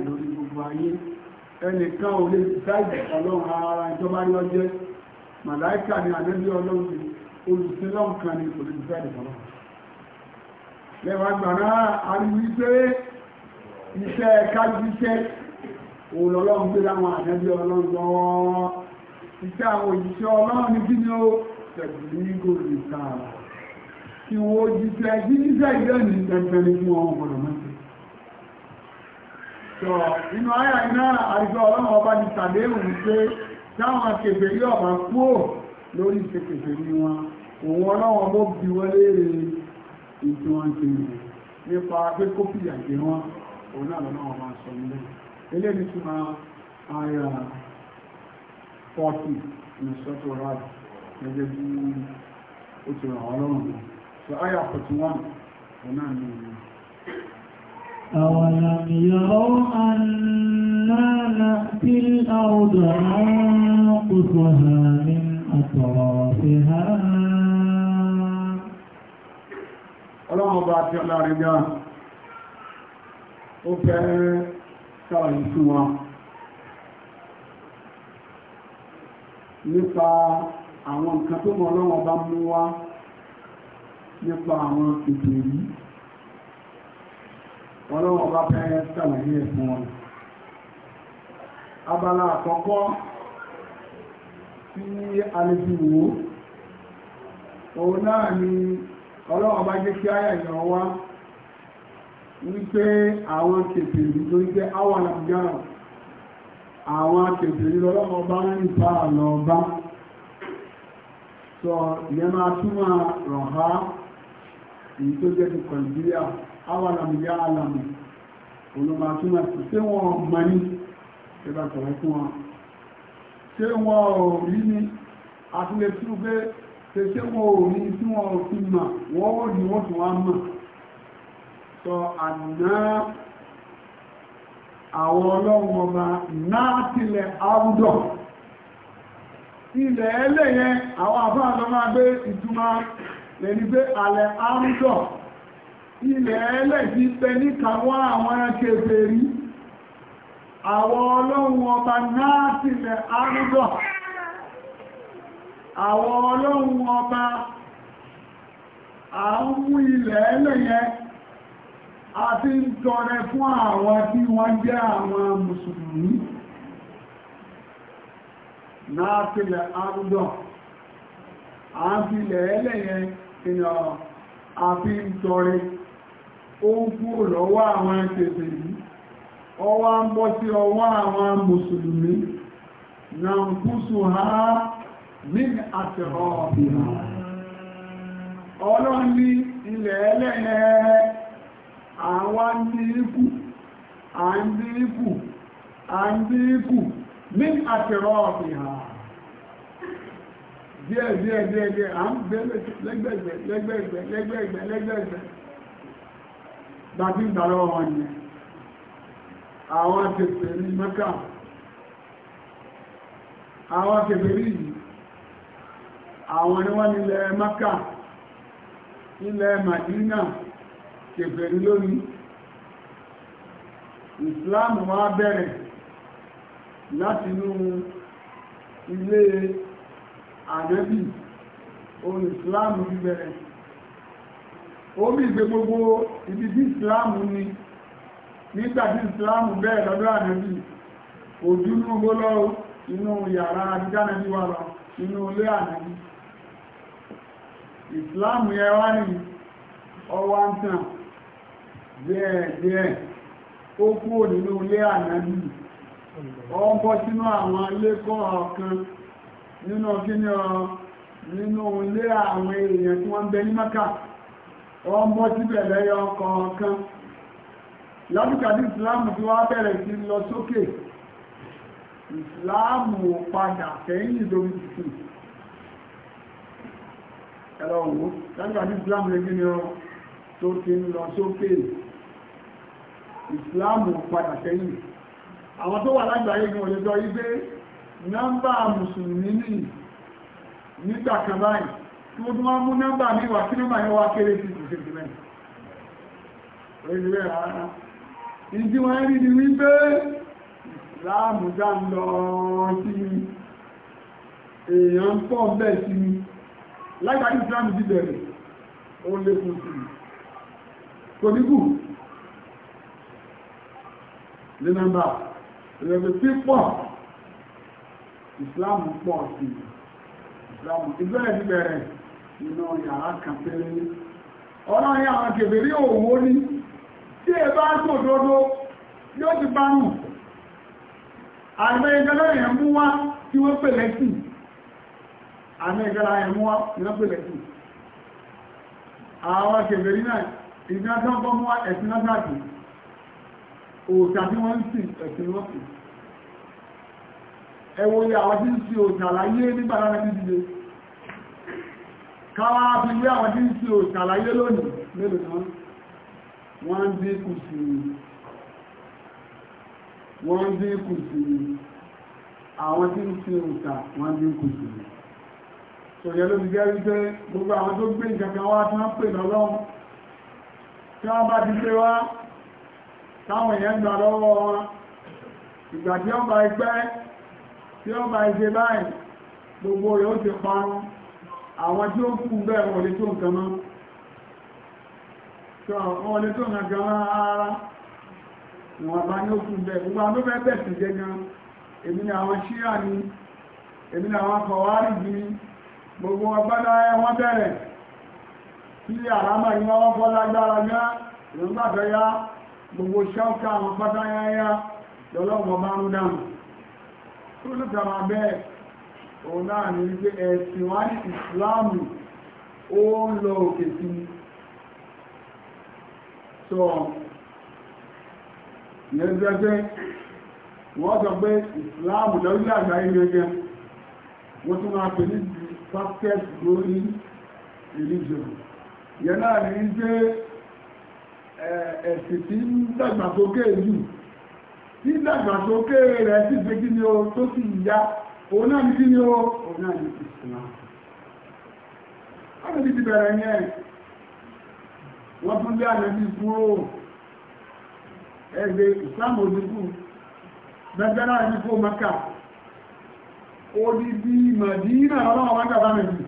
lórí gbogbo ayé ẹnìkan ò lè dáìdì ọlọ́run ara ìjọba ní ọjẹ́ màláìkà ni ànẹ́bí ọlọ́run ni olùsílọ́run kan ni kò lè dáìdì ọlọ́run lẹ́wà gbàrá ariwí pé iṣẹ́ kájíṣẹ́ òlọ́lọ́run gbé láwọn ànẹ́bí ọlọ́run lọ́wọ́ iṣẹ́ àwọn òjíṣẹ́ ọlọ́run ní kí ni ó tẹ̀sí ní kò lè sáà kí wọ́n jíṣẹ́ jíṣẹ́ ìdẹ́ni tẹ̀tẹ̀ ní fún ọmọ ọmọ sọ inú ayà iná àjọ ọlọ́run ọba ní sàlérù ní pé táwọn kèfèrí ọ̀bá kúrò lórí ìṣe kèfèrí wọn òun ọlọ́run bó bí wọlé ètò àjẹmọ̀ nípa pé kó fi àjẹ wọn òun náà lọ́nà ọba sọ nílẹ̀ eléyìí tí máa ayà 40 ní sọ́tọ̀ ráàdì gẹ́gẹ́ bí ó ti ràn ọlọ́run sọ ayà 41 أولم يروا أنا نأتي الأرض ننقصها من أطرافها Ọlọ́run bá tí ọlá rí gan, ó fẹ́ sọ́rọ̀ ìsún wọn nípa àwọn nǹkan tó mọ́ ọlọ́run bá mú wá nípa àwọn ètò wọn lọ́wọ́ bá fẹ́ sàlàyé fún wọn abala àkọ́kọ́ tí a lè fi wò òun náà ni ọlọ́wọ́ bá jẹ́ kí àyà ìyàn wá wípé àwọn kèfèrí torí pé àwọn àgbàrà àwọn kèfèrí lọ́wọ́ bá ń rí pa àlọ́ bá sọ ìyẹn máa túmọ̀ rọ̀ èyí tó jẹ́ ti kọ̀lùbíyà awàlàmùyà alàmù olùmọ̀ àtúmọ̀ sí ṣé wọ́n mọ̀ ní ẹgbà tọ̀rọ̀ fún wọn ṣé wọ́n ò rí ní àtúnlẹ̀ tí ó gbé ṣe ṣé wọ́n ò rí tí wọ́n ò fi mà wọ́n ó ní wọ́n tún wá mọ̀ sọ àná àwọn ọlọ́run ọba náà tilẹ̀ áwùdọ̀ ilẹ̀ ẹlẹ́yẹn àwọn àfáà lọ gbé ìtumọ̀ lẹ́ni pé alẹ́ áńdọ̀ ilẹ̀ ẹlẹ́jì pẹ ní kàwọ́ àwọn ẹkẹfẹ́ rí àwọn ọlọ́run ọba náà sílẹ̀ áńdọ̀ àwọn ọlọ́run ọba àwọn ilẹ̀ ẹlẹ́yẹ àti ń tọrẹ fún àwọn tí wọ́n jẹ́ àwọn mùsùlùmí náà sílẹ̀ áńdọ̀ àti ilẹ̀ ẹlẹ́yẹ àfi ń tọrẹ ó ń kúrò lọ́wọ́ àwọn ẹ̀kẹ̀ẹ̀kẹ̀ yìí ọwá ń bọ́ sí ọwọ́ àwọn mùsùlùmí na ń kúsù ha ní àtẹ̀họ́ ọ̀bìnà ọlọ́run ní ilẹ̀ ẹlẹ́ẹ̀ẹ́ àwa ń dín ikú à ń dín ikú à ń dín ikú ní díẹ̀ díẹ̀ díẹ̀ díẹ̀ à ń gbé lẹ́gbẹ̀gbẹ̀ lẹ́gbẹ̀gbẹ̀ lẹ́gbẹ̀gbẹ̀ lẹ́gbẹ̀gbẹ̀ gbàgbé ìgbàlọ́ wọn ni àwọn tètè ní mẹ́kà àwọn tètè rí yìí àwọn ni wọ́n nílẹ̀ mẹ́kà ilẹ̀ Màdínà tètè rí lórí ànábì ohun ìsìláàmù bíbẹ̀rẹ̀ omi ìgbé gbogbo ibi tí ìsìláàmù ni nígbàtí ìsìláàmù bẹ́ẹ̀ lọ́dọ̀ ànábì ojú inú inú yàrá àdíjánàbí wà lọ inú ilé ànábì ìsìláàmù yẹ wá ní ọwọ́ àǹtàn díẹ̀díẹ̀ ó kúrò nínú sínú àwọn ilé nínú kíní ọ̀rọ̀ nínú ilé àwọn èèyàn tí wọ́n ń bẹ ní mẹ́kà wọ́n bọ́ síbẹ̀ lẹ́yọ kọ̀ọ̀kan lábùkàdì Islam tí wọ́n bẹ̀rẹ̀ sí lọ sókè ìsìláàmù padà kẹ́yìn lórí títì ẹ̀rọ òwú lábùkàdì ìsìláàmù lè gíní ọ tó ti ń lọ sókè ìsìláàmù padà kẹ́yìn àwọn tó wà lágbàáyé ní òlejọ́ ibé nọ́mbà mùsùlùmí ní nígbà kan báyìí tí ó tún wá mú nọ́mbà ní wà kí nọ́mbà yẹn wá kéré sí ìṣẹ́ ìṣẹ́ ìṣẹ́ ìdí wọn rí ni wípé láàmùdá lọ sí èèyàn pọ̀ bẹ́ẹ̀ sí ni láìpàdé ìsìlámù ti bẹ̀rẹ̀ ó lékún sí kò dínkù ìrẹ̀lẹ̀ sí pọ̀ islam pọ̀ sí islam ìbẹ́ ẹ̀dí bẹ̀rẹ̀ nínú yàrá kan péré ọ̀rọ̀ yẹn àwọn kèbèrè òwò ní tí ẹ bá tó dodo yóò ti bá nù àgbẹ̀ ìjọba yẹn mú wá tí wọ́n pè lẹ́sìn àmì ìjọba yẹn mú wá tí wọ́n pè lẹ́sìn àwọn kèbèrè náà ìjọba tó ń bọ́ mú ẹ̀sìn náà òòtà tí wọ́n ń sìn ẹ̀sìn wọ́n ẹwọ ya àwọn tí ń fi òsà láyé nígbàrá rẹ̀ nídìde káwà fi wé àwọn tí ń fi òsà láyé lónìí mélòó náà wọ́n ń dín kù sí wọ́n ń dín kù sí àwọn tí ń fi òsà wọ́n ń dín kù sí sọ̀yẹ́ ló fi jẹ́ wípé gbogbo àwọn tó gbé ìjọkan wá tí wọ́n pè lọ́lọ́run tí wọ́n bá ti gbé wá táwọn èèyàn gbà lọ́wọ́ wọn ìgbà tí wọ́n bá ẹgbẹ́ tí ó bá ṣe báyìí gbogbo rẹ̀ ó ti parun àwọn tí ó kú bẹ́ẹ̀ wọ́n tó nǹkan mọ́ tó wọ́n tó nǹkan ara wọn bá ní ó kú bẹ́ẹ̀ gbogbo àwọn tó fẹ́ sí gẹ́gan ni àwọn ṣíyà ni ni àwọn kọ̀wárì bí gbogbo ẹ wọ́n bẹ̀rẹ̀ tí àrámà wọ́n fọ́ lágbára tó ló tàbà bẹ́ẹ̀ òun náà ní wípé ẹ̀sìn wá ní ìsìláàmù ó ń lọ òkè sí sọ ìyẹn jẹ́jẹ́ wọ́n sọ pé ìsìláàmù lọ́rílẹ̀ àgbáyé gẹ́gẹ́ wọ́n tún máa pè ní basket lórí religion ìyẹn náà ní wípé ẹ̀sìn tí ń dàgbàsókè yìí dídàgbàsókè rẹ̀ sí pé kí ni o tó sì yá òun náà ní kí ni o òun náà ní ìsìnà ọdún ti bẹ̀rẹ̀ yẹn wọ́n tún lé ànàbí kúrò ẹgbẹ́ ìsáàmù òdìkú bẹ́gbẹ́ náà ní kó maka odidi Màdínà ọlọ́wọ́ wákà bá mẹ́rin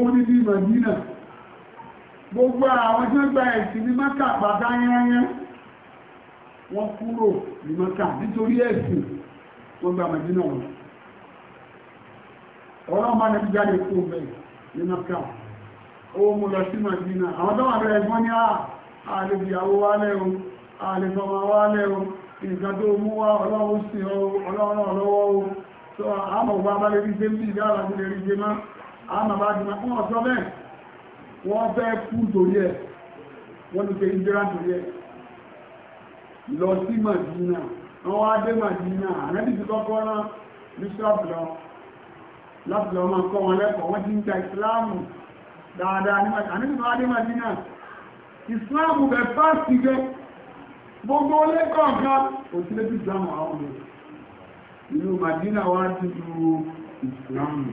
odidi Màdínà gbogbo àwọn tí ó gba ẹ̀sìn ní maka pàtàkì wọ́n kúrò ní Mẹ́kà nítorí ẹ̀sìn wọ́n gba Mẹ́dínà wọn ọ̀rọ̀ ọmọ ẹni jáde kó bẹ̀ ní Mẹ́kà ó mú lọ sí Mẹ́dínà àwọn tó wà ní ah, o ààlẹ́fọmọ wálẹ̀ o nǹkan tó mú wá ọlọ́run sí ọlọ́run o lọ sí Màdínà wọ́n wá dé Màdínà àrẹ́bì ti kọ́kọ́ rán bishop lọ láti lọ máa kọ́ wọn lẹ́kọ̀ọ́ wọ́n ti ń ta ìsìláàmù dáadáa ní Màdínà àrẹ́bì wá dé Màdínà ìsìláàmù bẹ̀ fásitì gẹ́ gbogbo lẹ́kọ̀ọ̀kan òtílé ti ìsìláàmù àwọn ọmọ ìlú Màdínà wá ti lu ìsìláàmù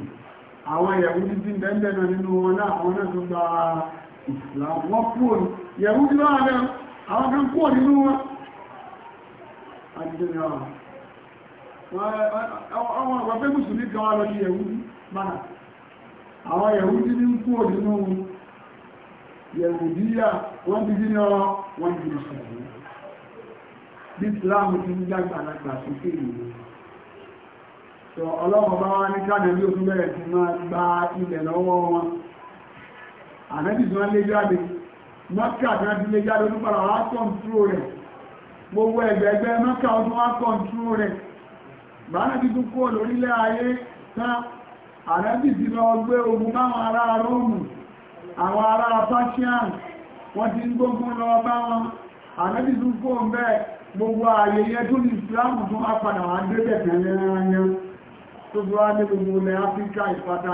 àwọn ìyàwó títí bẹ́ẹ̀ náà nínú wọn náà àwọn náà tó gba ìsìláàmù wọ́n kúrò yẹ̀wú tí wọ́n àwọn kan kúrò nínú wọn àdìdẹ̀rẹ̀ ọ̀rọ̀ àwọn àgbàgbé mùsùlùmí kan wá lọ sí yẹ̀wúdí máa àwọn yẹ̀wúdí ní ń kúrò nínú yẹ̀wúdíyà wọ́n ti dí ní ọ̀rọ̀ wọ́n ti dí sọ̀rọ̀ bí ìsìláàmù ti ń gbàgbàlagbà sókè ìlú ọlọ́wọ́ bá wá ní káàdẹ̀ bí òfin bẹ̀rẹ̀ ti máa gba ilẹ̀ lọ́wọ́ wọn àmẹ́bìsí wọn lé jáde mọ́kà tí wọ́n ti lé jáde olúpàá wá kọ́ntúrò rẹ̀ gbogbo ẹgbẹ̀gbẹ́ maka ọdún wá kọ̀ntú rẹ̀ bára títú kó lórílẹ̀ ayé tán àrẹ́bì ti lọ gbé ogun báwọn ará àwọn ará fashion wọ́n ti ń gbógun lọ bá àrẹ́bì tún kó gbogbo ààyè yẹ tó tó wá padà wá tó wá ní gbogbo ilẹ̀ áfíríkà ìpátá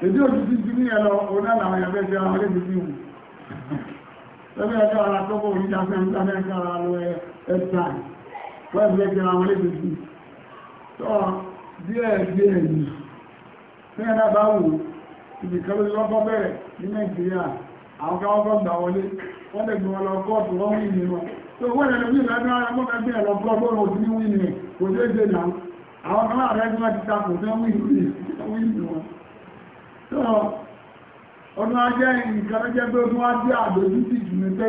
ṣèdí òjú sí ti ní ẹlọ oná làwọn ẹgbẹ́ ṣe ara lè fi hù lọ́gbẹ́ ẹjọ́ ara tọ́pọ̀ oníjà fẹ́ ń gbáfẹ́ ṣe ara lọ ẹ̀ta wọ́n ẹgbẹ́ ṣe ara lè fi hù tọ́ díẹ̀ díẹ̀ yìí fún ẹ̀dá bá wù ibi kan ló lọ́kọ́ bẹ̀rẹ̀ ní Nàìjíríà àwọn kan wọ́n gbà wọlé wọ́n lè gbọ́n lọ kóòtù wọ́n wí ní wọn tó wọ́n lè lóbi ìlànà ara mọ́ kan bíẹ̀ lọ kóòtù wọn òtún ní wí ní kò tó ṣe náà àwọn kan láàrẹ́ tí wọ́n ti ta kò fẹ́ wí ní wọn ọdún ajẹ́ nǹkan tó pé ó wá sí ti jù ní pé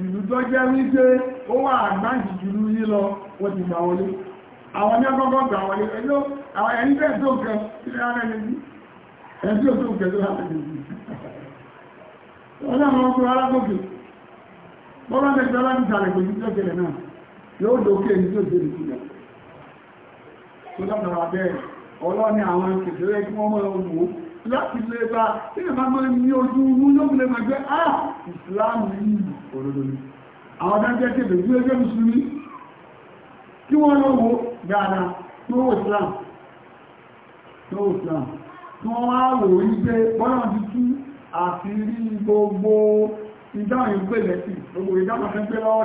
ìlú tó jẹ́ wípé ó wà jù ní yí lọ wọ́n ti gbà wọlé àwọn ní ọgọ́gọ́ gbà wọlé ẹjọ́ àwọn ẹni bẹ́ẹ̀ tó sílẹ̀ ẹni tó àwọn ọkùnrin alágbòkè láti lè bá tí ìbá mọ́ ní ojú inú yóò lè máa gbé ah ìsìláàmù yìí òdodo ni àwọn adájẹ́ tèbè bí ẹgbẹ́ mùsùlùmí kí wọ́n lọ wo dáadáa tó wò islam tó wò islam tí wọ́n wá wò ó pé bọ́lá ti tú àti rí gbogbo ìdáhùn ìpè lẹ́sìn gbogbo ìdáhùn ìpè lọ́wọ́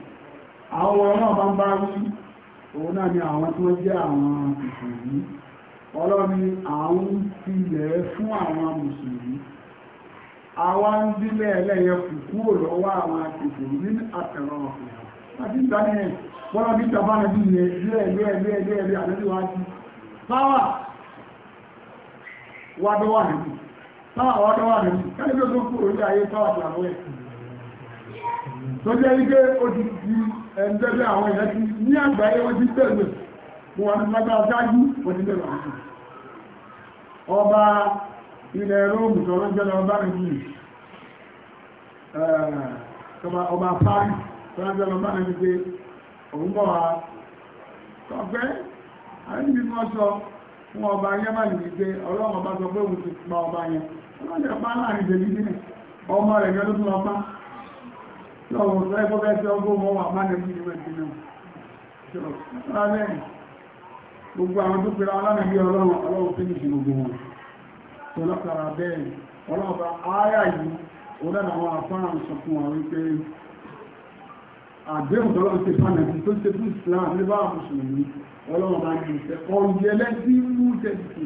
àwọn ọmọ náà bá ń bá rí òun náà ni àwọn tó jẹ́ àwọn mùsùlùmí ọlọ́ni àwọn tilẹ̀ fún àwọn mùsùlùmí àwọn ń dílẹ̀ ẹlẹ́yẹ kúrò lọ́wọ́ àwọn akẹ́kọ̀ọ́ àtẹ̀rọ ọ̀fẹ́ tó ẹ̀ńdẹ́gbẹ́ àwọn èèyàn ti ní àgbáyé wọ́n ti bẹ̀rẹ̀ mú wọn lọ́gbà dájú wọ́n ti bẹ̀rẹ̀ àwọn ọba ilẹ̀ róòmù tọ́rọ jẹ́lọ ọba nìyí ọba paris tọ́rọ jẹ́lọ ọba nìyí pé òun bọ̀ wá tọ́gbẹ́ ọba ọba lọ́wọ́ sọ ẹgbọ́ bẹ́ẹ̀ tí ọgbọ́ mọ́ wà máa nẹ́bí ìwé ìpínlẹ̀ ọ̀rọ̀lẹ́rìn gbogbo àwọn tó pèrà ọlọ́nàbí ọlọ́run ọlọ́run tó nìṣe gbogbo wọn tó lọ́kàrà bẹ́ẹ̀ ọlọ́ọ̀bá ááyà yìí ọlọ́nà àwọn afáràn sọ fún wa wípé àdéhùn tọ́lọ́run ti fánàbí tó ṣe fún Islam ní bá mùsùlùmí ọlọ́run bá ní ìfẹ́ ọ̀yẹ́ ẹlẹ́sí mú tẹ̀sí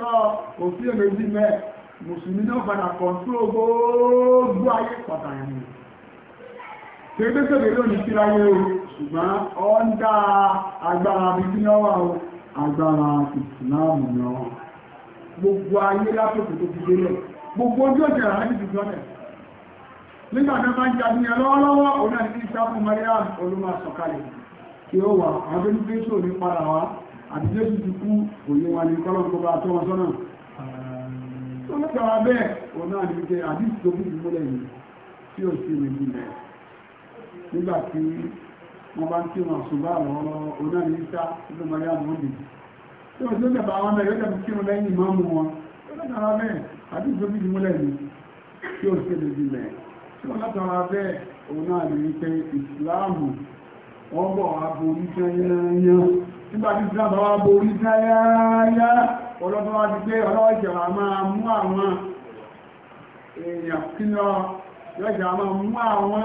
tọ́ òfin èmèjì mẹ́ mùsùlùmí náà ọ ń dá agbára bí kí o agbára ìsìláàmù náà gbogbo ayé látòkè tó délẹ̀ gbogbo ojú nígbà tó bá ń òun náà Mariam olúmọ̀ sọ̀kalẹ̀ ó wà àwọn tó ní àti jésù ti kú òye wa ní kọ́lọ̀ tó bá tọ́ wọn sọ́nà tó lọ́tọ̀ wa bẹ́ẹ̀ wọn náà ní pé àdìsí tó kù múlẹ̀ yìí tí ó sì méjì lẹ̀ nígbà tí wọ́n bá ń tí wọn ṣùgbọ́n àwọn ọ̀rọ̀ onáà ní sá ló máa yá wọn dìbò tí wọ́n tó lẹ́bàá wọn bẹ́ẹ̀ nígbà tí ìsìlámù bá wá borí dáyáyá ọlọ́dún wá ti gbé ọlọ́wọ́ ìjọba máa mú àwọn èèyàn kí lọ ìjọba máa mú àwọn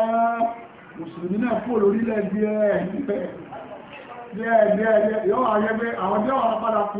mùsùlùmí náà kó lórílẹ̀ díẹ̀díẹ̀ yóò wà yẹ pé àwọn jẹ́ wà padà kú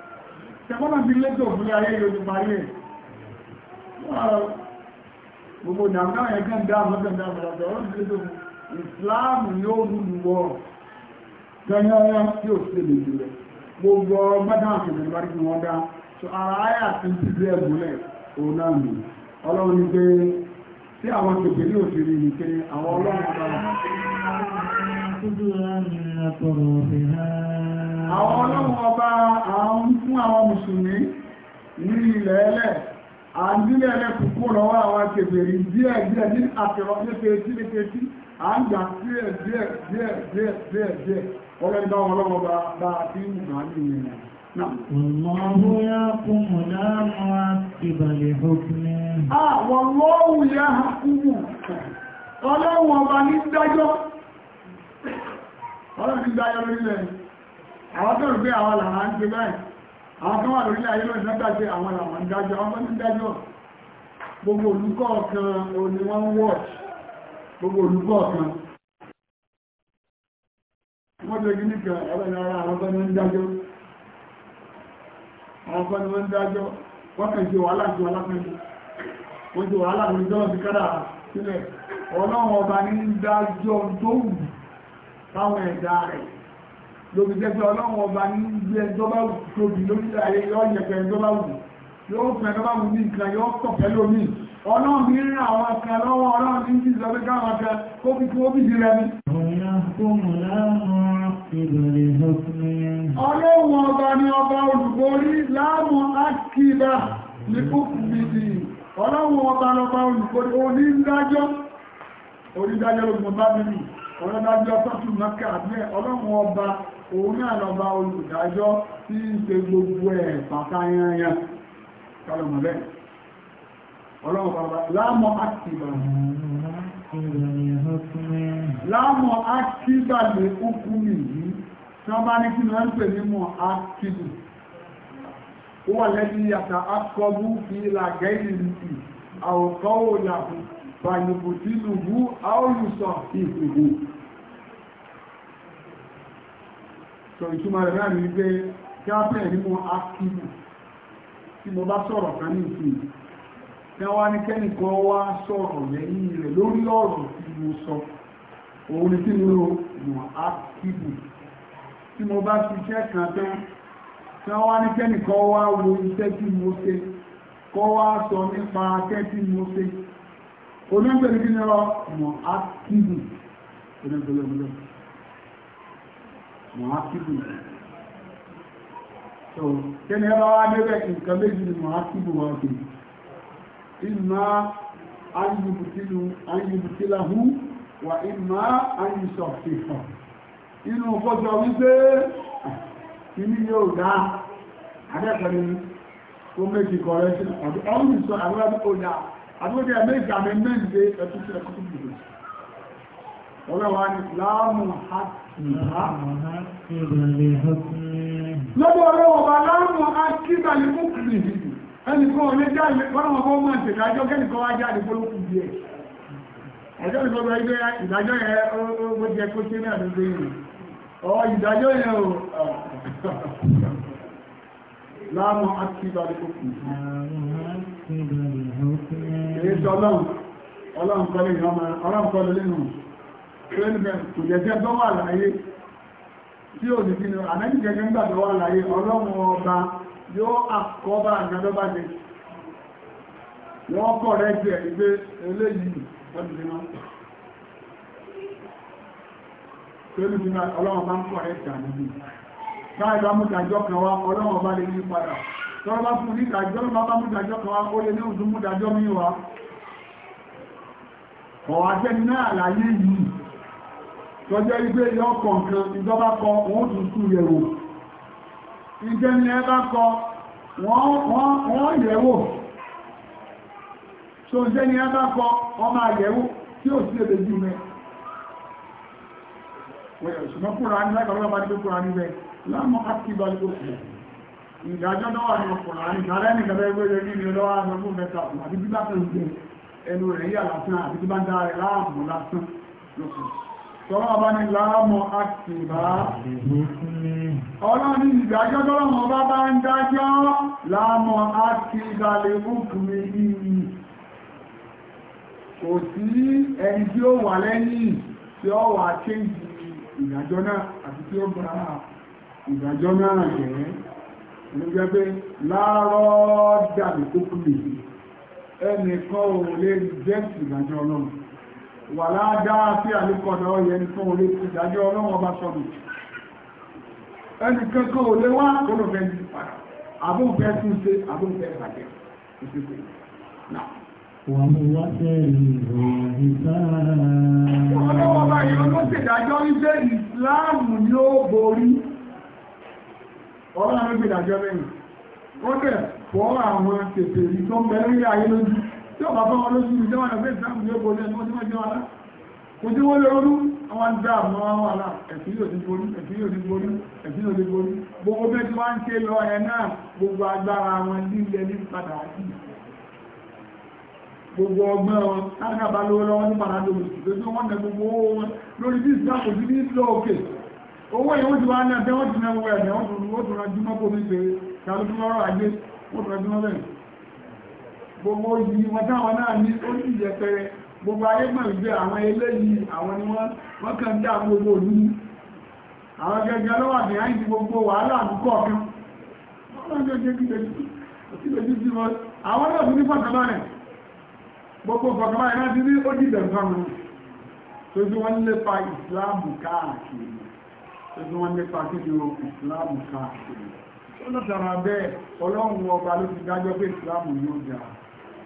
ṣẹ̀kọ́nà bí lẹ́tọ̀ fún ayé yorùbá ayé gbogbo dàmdà ẹgbẹ́ ń dáàmù ọdún dáàmù ọdún ọdún lẹ́tọ̀ ìsìláàmù yóò rúrù wọ gẹ́yẹ́rẹ́ tí ó sì lè jùlẹ̀ gbogbo mẹ́ta so ara ayé àti ìdílé ẹ̀gbọ́lẹ̀ òun náà nù ọlọ́run ní pé tí àwọn tòkè ní àwọn ọlọ́run ọba àwọn fún àwọn musulmi ní ilẹ̀ ẹlẹ̀ àndílẹ̀ n'ọwa púpọ̀ lọ́wọ́ àwọn die díẹ̀ díẹ̀ ní àtẹ̀rọ léketí léketí die die die die ọba Ọlọ́run àwọn tó rò pé àwọn làwọn ń ṣe báyìí àwọn kan wà lórílẹ̀ ayé lónìí nígbà àwọn làwọn ń dájọ́ àwọn tó ń dájọ́ gbogbo olùkọ́ kan òní wọ́n gbogbo kan wọ́n ara ń dájọ́ àwọn kan wọ́n ọlọ́run ọba ní dájọ́ tó wù táwọn ẹ̀dá rẹ̀ lóbi jẹ́ pé ọlọ́run ọba ní ilé ẹjọ́ bá wù tóbi lórí ayé yóò yẹpẹ ẹjọ́ bá wù yóò fún ẹjọ́ bá wù ní nǹkan yóò tọ̀ pẹ̀lú omi ọlọ́run ní rìn àwọn kan lọ́wọ́ ọlọ́run ní ti sọ káwọn kan kó fi fún òbí rẹ ni. ọlọ́run ọba ni ọba olùborí láàmú akíba ní kúkúmìtì ọlọ́run ọba lọ́ba olùborí onídájọ́ onídájọ́ lọ́gbọ̀n bá mi ní ọlọ́dájọ́ tọ́tù mọ́kà òun náà lọ bá olùdájọ́ tí ń ṣe gbogbo ẹ̀ pàtàyányà kálọ̀mọ̀ bẹ́ẹ̀ ọlọ́run bàbá láàmọ́ àtìbà láàmọ́ àtìbà lè kúkú nìyí tí wọ́n bá ní kí wọ́n ń pè ní mọ̀ àtìbù ó wà lẹ́bí yàtà akọ́bú fi làgẹ́ ìrìntì àwòkọ́ òyàbù bàyìnbùtínú hú áòlùsọ̀ ìhùhù sọ ìtumọ̀ rẹ̀ náà ní pé gáfẹ́ ní mo ákìlù tí mo bá sọ̀rọ̀ kan ní ìsìn tí wọ́n ní kẹ́nìkan wá sọ̀rọ̀ lẹ́yìn rẹ̀ lórí ọ̀rọ̀ tí mo sọ òun ni tí mo lo mo ákìlù tí mo bá ṣiṣẹ́ kan tán tí wọ́n ní kẹ́nìkan wá wo iṣẹ́ tí mo ṣe kọ́ wá sọ nípa akẹ́ tí mo ṣe onígbèrè kí ni ọ mo ákìlù onígbèrè ọmọlẹ́wọ̀n mọ̀hákìbù so tẹ́lẹ̀ ẹbá wá débẹ̀ nǹkan méjì ni mọ̀hákìbù wọn fi ìmá ayùbùtíláhú wà ìmá ayùsọ̀fìfọ̀ inú fọ́jọ́ wípé inú yóò dá adẹ́kọ̀ọ́ni ó méjì correction àti ọ́nà ìsọ àwọn àdúgbò Lọ́dọ̀ ọ̀rọ̀ ọba láàmù akíta ní fúkìlì ẹnìkan ọ̀lẹ́ jáde pọ́nà ọmọ ọmọ ìṣẹ̀dájọ́ kẹ́nìkan wá jáde pólókù díẹ̀. Ẹjọ́ ìgbọ́gbọ́ ẹgbẹ́ ìdájọ́ ẹ̀ ó jẹ́ kó ṣe náà lóde ìrìn. Ọ̀ ìdájọ́ yẹn o. Láàmù akíta ní fúkìlì. Èyí sọ ọlọ́run, ọlọ́run kọ́ lè ìrẹ́nìfẹ́ kò jẹ́jẹ́ tó wà láyé tí ò ní kínú àmẹ́jì gẹ́gẹ́ ńgbà tó wà láyé ọlọ́run ọba yóò àkọ́bà àgbàdọ́bà jẹ́ wọ́n kọ̀ rẹ̀ jẹ́ ìgbé eléyìí ọdún pẹ̀lú bí máa ọlọ́wọ́ bá ń kọ̀ rẹ̀ jà níbi báyìí bá mú ìdájọ́ kan wá ọlọ́wọ́ bá lè tọ́jọ́ ìgbé yọ kọ̀ọ̀kan ìjọba kọ wọ́n tún sún yẹ̀wò ìjẹni ẹ bá kọ wọ́n yẹ̀wò tó ìjẹni ẹ bá kọ wọ́n máa yẹ̀wò tí ó sí èdè jù mẹ́ ṣùgbọ́n kúrò ní lẹ́gbẹ̀rẹ́ bá ní kúrò ní rẹ̀ láàmú àkíbà ló kù ìdájọ́ lọ́wọ́ ní ọkùnrin àní ìdálẹ́ ní ìgbẹ̀rẹ́ ìgbẹ̀rẹ́ ìgbẹ̀rẹ́ lọ́wọ́ àwọn ọmọ mẹ́ta àti bíbá kan jẹ ẹnu rẹ̀ yà lásán àti bíbá dára láàmú lásán lókùn tọ́wọ́ bá ní láàmọ́ àkìbá ọlọ́ni ìdájọ́ tọ́lọ́mọ bá bá ń dájọ́ láàmọ́ àkìbá lè fúnkùnrin yìí kò sí ẹni tí ó wà lẹ́yìn tí ó wà kéjì ìdájọ́ náà àti tí ó bá ìdájọ́ náà jẹ́ nígbẹ́ pé láàárọ̀ dàbí kókùnrin ẹnìkan ò lè jẹ́ ìdájọ́ náà wà láàdáa sí àlékọ̀dọ̀ yẹn fún orí ìdájọ́ ọlọ́wọ́ bá sọ́dù ẹni kankan ò lè wá kọ́lọ̀fẹ́ ní padà àbúfẹ́ tún ṣe àbúfẹ́ bàjẹ́ ìsìnkú náà Ọlọ́wọ́ bá yọ ló ṣèdájọ́ wípé ìsìláàmù ni ó borí. Ọlọ́run gbèdàjọ́ mẹ́rin. Ó bẹ̀ fọ́ àwọn tètè rí tó mẹ́rin ayé lójú tí ọ̀pá fún wọn lóṣù ìjọba ẹgbẹ́ ìsìláàmù ní ọgbọ̀n lẹ́nu ọdún mẹ́jọ ara kò tí wọ́n lè ronú àwọn ń dá àmọ́ wọn wà láà ẹ̀sìn yóò ti borí ẹ̀sìn yóò ti borí ẹ̀sìn yóò ti borí gbogbo bẹ́ẹ̀ tí wọ́n ń ké lọ ẹ̀ náà gbogbo agbára wọn lílẹ̀ ní padà sí gbogbo ọgbọ́n wọn láti àbá lówó lọ́wọ́ ní padà lórí ìgbésí wọn nẹ gbogbo owó wọn lórí bí ìsìláàmù ti ní lọ òkè owó yìí wọ́n ti wá náà tẹ́ wọ́n ti náà wọ ẹ̀dẹ̀ wọ́n tún rájú mọ́ gbogbo yìí wọn táwọn náà ní ó sì jẹ pẹrẹ gbogbo ayé mọ̀ àwọn eléyìí àwọn ni wọ́n kàn dá gbogbo òlú àwọn gẹ́gẹ́ lọ́wọ́ àti àìsí gbogbo wàhálà àdúkọ̀ kan wọ́n gẹ́gẹ́ kí lójú sí wọn àwọn náà tún ní fọ̀kànlọ́rẹ̀ gbogbo fọ̀kànlọ́rẹ̀ náà ti rí ó dìbẹ̀ nǹkan wọn tójú wọn lépa ìsìláàmù káàkiri ọlọ́run ọba ló ti dájọ́ pé ìsìláàmù yóò dáa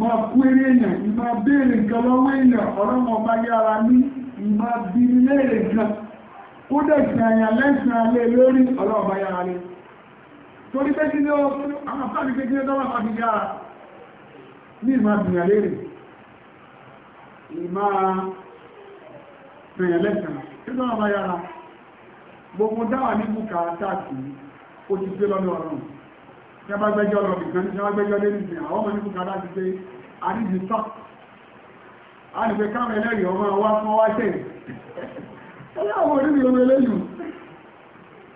Ma kú eré èèyàn ìmá béèrè nǹkan lọ́wọ́ èèyàn ọ̀rọ̀mọ̀ bá yára ní ìmá bí léèrè gan ó dẹ̀ sí àyà lẹ́sìn alẹ́ lórí ọlọ́run bá yára lé torí pé kí ní ó àwọn àpáàdì kékeré dọ́là bá fi tẹ́bá gbẹ́jọ́ lọ nìkan tẹ́bá gbẹ́jọ́ lé nìkan àwọn ọmọ nípa kàdá ti pé a ní ti tọ́ a ní pé káwọn ẹlẹ́rìí ọmọ wa fún ọwá tẹ̀ ẹ̀yà àwọn onílù ọmọ eléyìí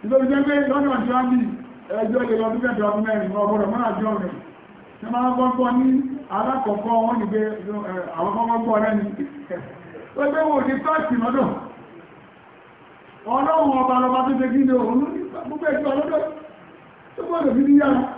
nítorí jẹ́ pé lọ́nà tí wọ́n bí ẹjọ́ lè lọ bí kẹta ọdún mẹ́rin ọgbọ́dọ̀ mọ́ra jọ rẹ̀ tí wọ́n bá gbọ́ ní alákọ̀ọ́kọ́ wọ́n ní pé àwọn ọmọ gbọ́ rẹ̀ ni ó gbé wò ní pàṣì lọ́dọ̀ ọlọ́run ọba lọba tó ṣe kí ni òun ní gbogbo ẹjọ́ lọ́dọ̀ tó gbọ́dọ̀ fi ní yára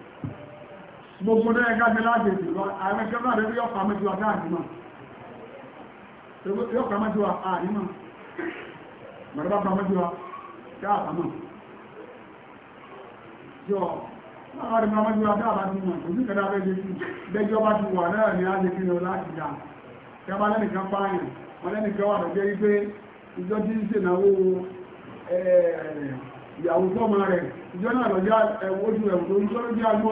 gbogbo ní ẹgbẹ́ mi láti ìjọba ààrẹ kẹfà rẹ̀ yóò pa mẹ́jọ àdáàdìmọ̀ yóò pa mẹ́jọ àdìmọ̀ mẹ́rẹ́bá pa mẹ́jọ àdáàdìmọ̀ yọ láàrín pa mẹ́jọ àdáàdìmọ̀ òjú kẹta bẹ́jọ bá ti wà náà ní láti kí lọ láti dà kẹfà lẹ́nìkan pààyàn wọn lẹ́nìkan wà lọ́jẹ́ wípé ìjọ tí ń ṣènáwó ìyàwó fọ́mọ rẹ̀ ìjọ náà lọ́jọ́ ẹ̀wọ́ ojú ẹ̀wọ́ tó ń tọ́lọ́jọ́ agbó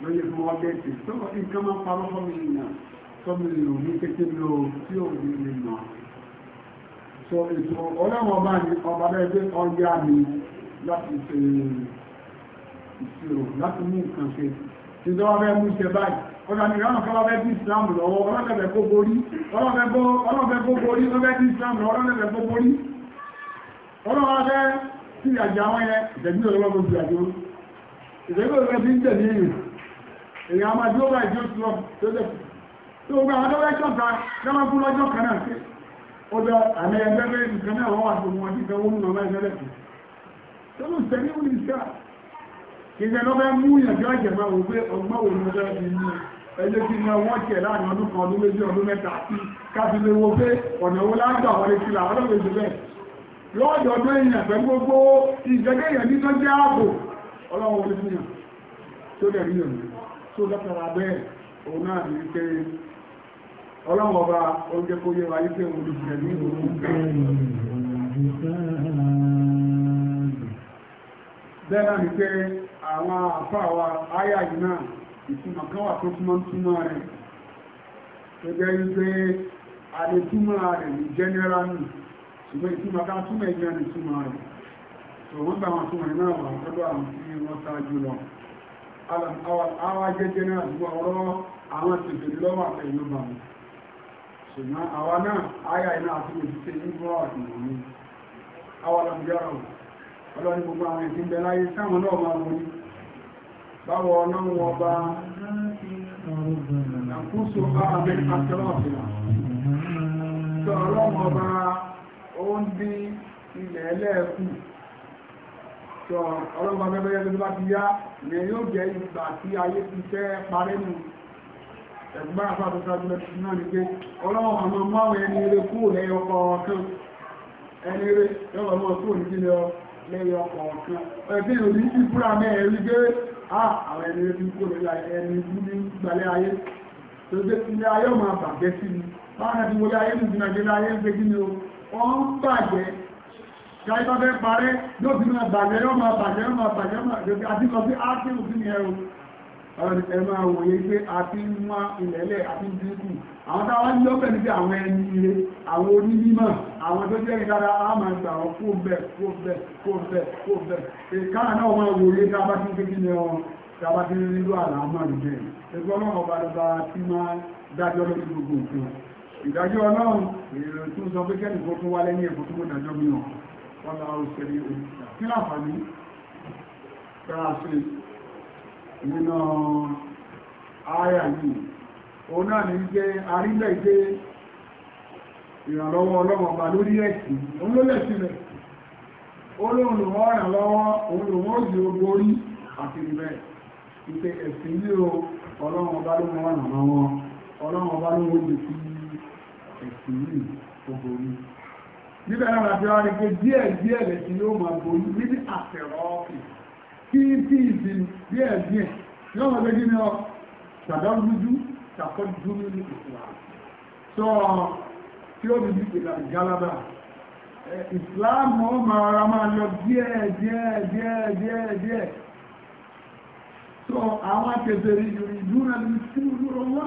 lóye fún wọn bẹ́ẹ̀tì tó nǹkan máa parọ́ fọ́mìnà fọ́mìnà ní kékeré lò tí ò ní lè mọ̀ so ètò ọlọ́wọ́n bá ní ọba bẹ́ẹ̀ pé ọjà mi láti ṣe ìṣirò láti mú nǹkan ṣe tí lọ́wọ́ bẹ́ẹ̀ mú ṣe báyìí ọjà ní ìrànà kọ́lá bẹ́ẹ̀ bí Islam lọ́wọ́ ọlọ́bẹ̀ kó borí ọlọ́bẹ̀ bí Islam lọ́wọ́ ọlọ́bẹ̀ kó borí ọlọ́wọ́ bẹ́ẹ̀ sí ìyàjà wọn yẹn ìtẹ̀jú ọlọ́wọ́ gbogbo ìyàjò ìtẹ̀jú ọlọ́wọ́ bí ń tẹ̀lé yìí èyàn máa dúró bá ìjọ tó tó lẹ́kù tó gbogbo àwọn tó lẹ́kù ta lọ́mọ fún lọ́jọ́ kan náà sí ó lọ àmì ẹgbẹ́ bẹ́ẹ̀ nìkan náà wọ́n wà tó wọn ti fẹ́ wọ́n mú ọmọ ẹgbẹ́ lẹ́kù tó lù sẹ́ni ó ní sá ìṣẹ́ lọ́ fẹ́ mú ìyànjọ́ ìjẹ̀mọ́ wò pé ọgbọ́n wò ló fẹ́ fi mú ẹjẹ́ kí ni wọ́n tiẹ̀ láàrin ọdún kan ọdún méjì ọdún mẹ́ta sí káfí lè wo pé ọ̀nà owó lágbà wọlé sí làwọn lọ́wọ́ èdè bẹ́ẹ̀ lọ́ọ̀dọ̀ ọdún èèyàn pẹ̀lú gbogbo tó lọ́tara bẹ́ẹ̀ òun náà ní wípé ọlọ́wọ́ bá oúnjẹ kó yẹ wa wípé òun lùsẹ̀ ní òun bẹ́ẹ̀ náà ní pé àwọn àfáà wa áyà yìí náà ìtumọ̀ kan wà tó túmọ̀ ń túmọ̀ rẹ̀ tó jẹ́ wípé àletúmọ̀ rẹ̀ ní general nù ṣùgbọ́n ìtumọ̀ ká túmọ̀ ẹ̀yàn ìtumọ̀ rẹ̀ tó wọ́n gbà wọn túmọ̀ náà wà lọ́dọ̀ àwọn tí wọ́n ṣáájú lọ àwa jẹ́jẹ́ náà ní ọ̀rọ̀ àwọn tìbìrì lọ́wọ́ àtẹ̀yìn bá mi na àwa náà ayà iná àti òṣìṣẹ́ ìgbọ́ àtìmọ̀ mi àwa lọ yára ọlọ́ni gbogbo àwọn ìpínlẹ̀ láyé sáwọn náà máa wọ́n báwọ̀ ọlọ́run ọba àkúsò ààbẹ̀ àtẹ́lọ́fìlà tí sọ ọlọ́gbà mẹ́bẹ́yẹ́ tó bá ti yá ní yóò jẹ́ ìgbà tí ayé ti fẹ́ parẹ́ nù ẹ̀gbọ́n àfáàtọ́ta lẹ́tí náà ní pé ọlọ́wọ́n àmọ́ máwọn ẹni eré kúrò lẹ́yọ kọ̀ọ̀kan ẹni eré yọ́wọ́ mọ́ kúrò ní kí lẹ́yọ kọ̀ọ̀kan ẹ̀bí òní ti fúra mẹ́rin gé àwọn ẹni eré kúrò lẹ́yọ ẹni ibú ní gbalẹ́ ayé ṣáyíká fẹ́ parẹ́ yóò fi máa bàjẹ́ yóò máa bàjẹ́ yóò máa bàjẹ́ yóò máa bàjẹ́ àti lọ sí ákìlù sí ni ẹrù ẹ pé a ti ń wá ilẹ̀lẹ̀ àti dínkù àwọn táwọn ń lọ́pẹ̀ níbi àwọn ẹni ire àwọn onímọ̀ àwọn tó jẹ́ ìdára a máa gbà wọn kó bẹ̀ kó bẹ̀ kó bẹ̀ kó bẹ̀ káà náà máa wòye tá a bá ti ń kékeré ní ọ tá a bá ti ń nílò àlàámọ̀ rẹ̀ ẹgbẹ́ ọlọ́run ọba lọba ti máa dájọ́ lórí gbogbo nǹkan ìdájọ́ ọlọ́run èrò tó sọ pé kẹ́nìkan tó wá lẹ́yìn ẹ̀kọ́ tó mọ̀ dájọ́ mìíràn wọ́n láwọn òṣèré orí kí láǹfààní tẹ́ra sí nínú ààyà yìí òun náà ní jẹ́ àrílẹ̀ ìgbé ìrànlọ́wọ́ ọlọ́mọba lórí ẹ̀sìn òun ló lẹ́sìn rẹ̀ olóòrùn ọ̀ràn lọ́wọ́ òun lòun ó sì ogun orí àti ìbẹ̀ ìpè ẹ̀sìn ní o ọlọ́run ọba ló mọ́ lọ́wọ́ ọlọ́run ọba ló ẹ̀sìn ní ogun níbẹ̀ náà láti wá rí pé díẹ̀ díẹ̀ lẹ́sìn ló máa borí níbi àtẹ̀rọ ọ̀fìn kí tí ìsìn díẹ̀ díẹ̀ yóò máa gbégi ní ọ ṣàdọ́dúdú ṣàkọ́dúdú ní ìsìlá sọ tí ó dìbí pé láti gálábà ìsìláàmù ó máa ra máa lọ díẹ̀ díẹ̀ díẹ̀ díẹ̀ díẹ̀ sọ àwọn akẹsẹ̀rí ìrìndúnà ní sí ìlú rọwọ́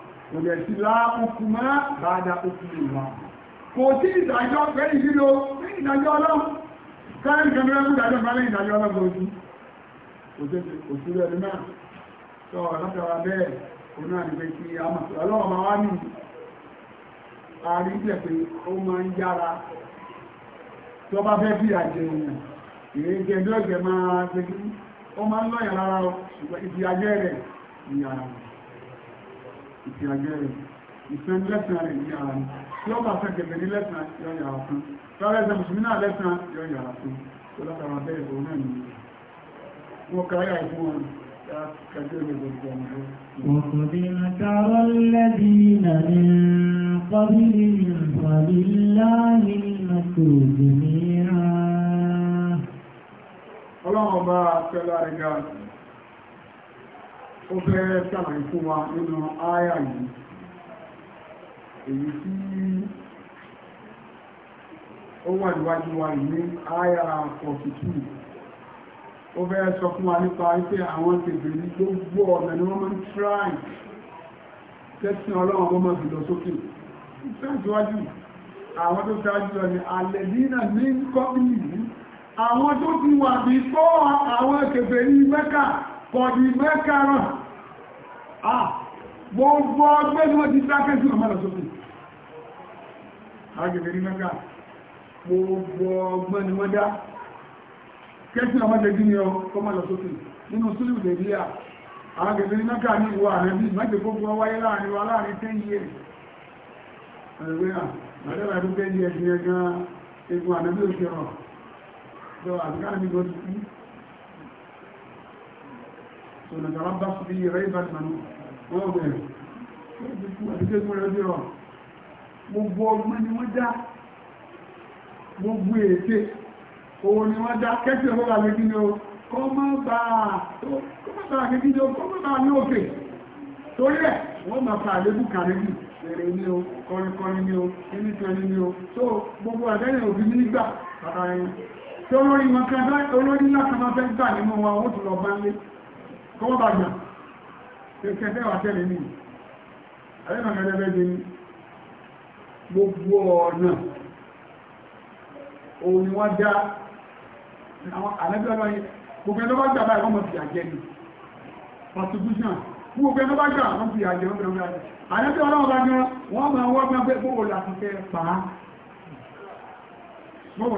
lòdẹ̀ sí láàkùnkùn máa bá dá òkúrò wọn kò sí ìdájọ́ pẹ̀lú ìdílò lẹ́yìn ìdájọ́ ọlọ́run káàrí kẹmẹ́rẹ́kù dájọ́ bá lẹ́yìn ìdájọ́ ọlọ́run ojú òṣèlú ẹ̀rí náà sọ látara bẹ́ẹ̀ òun náà ní pé kí a mọ̀ sí ọlọ́run máa wá ní àárín jẹ́ pé ó máa ń yára tó bá fẹ́ bí àjẹ èèyàn ìrìn jẹ́ ẹgbẹ́ máa ṣe kí ó máa ń lọ́yàn lára ṣùgbọ́n ibi ajẹ́ rẹ̀ ìyàrá ìfì àjẹ́ rẹ̀ ìfẹ́ lẹ́sìn rẹ̀ ní ara ní tí ó bá fẹ́ gẹ̀gẹ̀ ní lẹ́sìn yọ yàrá fún tọ́rẹ́ ẹ̀sẹ̀ mùsùlùmí náà lẹ́sìn yọ yàrá fún tó látara bẹ́ẹ̀ òun náà nìyí wọ́n kárí àìfún wọn وَقَدْ مَكَرَ الَّذِينَ مِن قَبْلِهِمْ وَلِلَّهِ الْمَكْرُ جَمِيعًا Ọlọ́run ọba pẹ̀lú àrígá ó fẹ́ sàlàyé fún wa nínú ááyà yìí èyí tí ó wà níwájú wa ní ááyà 42 ó fẹ́ sọ fún wa nípa wípé àwọn tèbèrè gbogbo ọ̀nà ni wọ́n máa ń tíráì tẹ́sí ọlọ́run ọmọ mọ̀ jùlọ sókè síwájú àwọn tó ṣáájú lọ ni àlẹ́dínà ní kọ́bìnì yìí àwọn tó ti wà bí fọ́ àwọn kèfèrí Mẹ́kà kọ̀dì Mẹ́kà náà Ah, gbogbo ọgbẹ́ ni wọ́n ti dákẹ́ sí ọmọ lọ́sọ́kù agbègbè ní mẹ́ka gbogbo ọgbẹ́ ni wọ́n dá kẹ́sí ọmọ jẹ́gí ni ọmọ lọ́sọ́kù nínú sílù lèbíà agbègbè ní mẹ́ka ní gbogbo wáyé láàrin wa láàrin ونتربص به ريب المنون wọ́n bẹ̀rẹ̀ àdíkẹ́kùn rẹ̀ bí rọ̀ gbogbo ọgbọ́n ni wọ́n dá gbogbo ète òun ni wọ́n dá kẹ́sì ọgbọ́gbà lẹ́gbí ni ó kọ́ mọ́ bá àkẹ́kí ni ó kọ́ mọ́ bá ní òkè torí ẹ̀ wọ́n máa fa àlébù kàrẹ́bì ẹ̀rẹ̀ ni ó kọrinkọrin ni ó kíníkẹrin ni ó tó gbogbo àdẹ́yìn òbí nígbà bàbá ẹni tí olórí wọn kan olórí lákan máa fẹ́ gbà nínú wa ó tún lọ bá ń lé tó wọ́n bá gbà kẹfẹ́ wà tẹ́lẹ̀ ní alẹ́mọ̀gẹ́lẹ́gbẹ́ di gbogbo ọ̀nà òun ni wọ́n já àwọn alẹ́gbẹ́lọ́ gbogbo ẹ̀nà bá gbà báyìí wọ́n mọ̀ sí àjẹ́ ni contribution gbogbo ẹ̀nà bá gbà wọ́n sí àjẹ́ wọ́n bẹ̀rẹ̀ alẹ́gbẹ́lọ́ bá gbà wọ́n mọ̀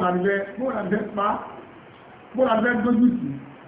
wọ́n sí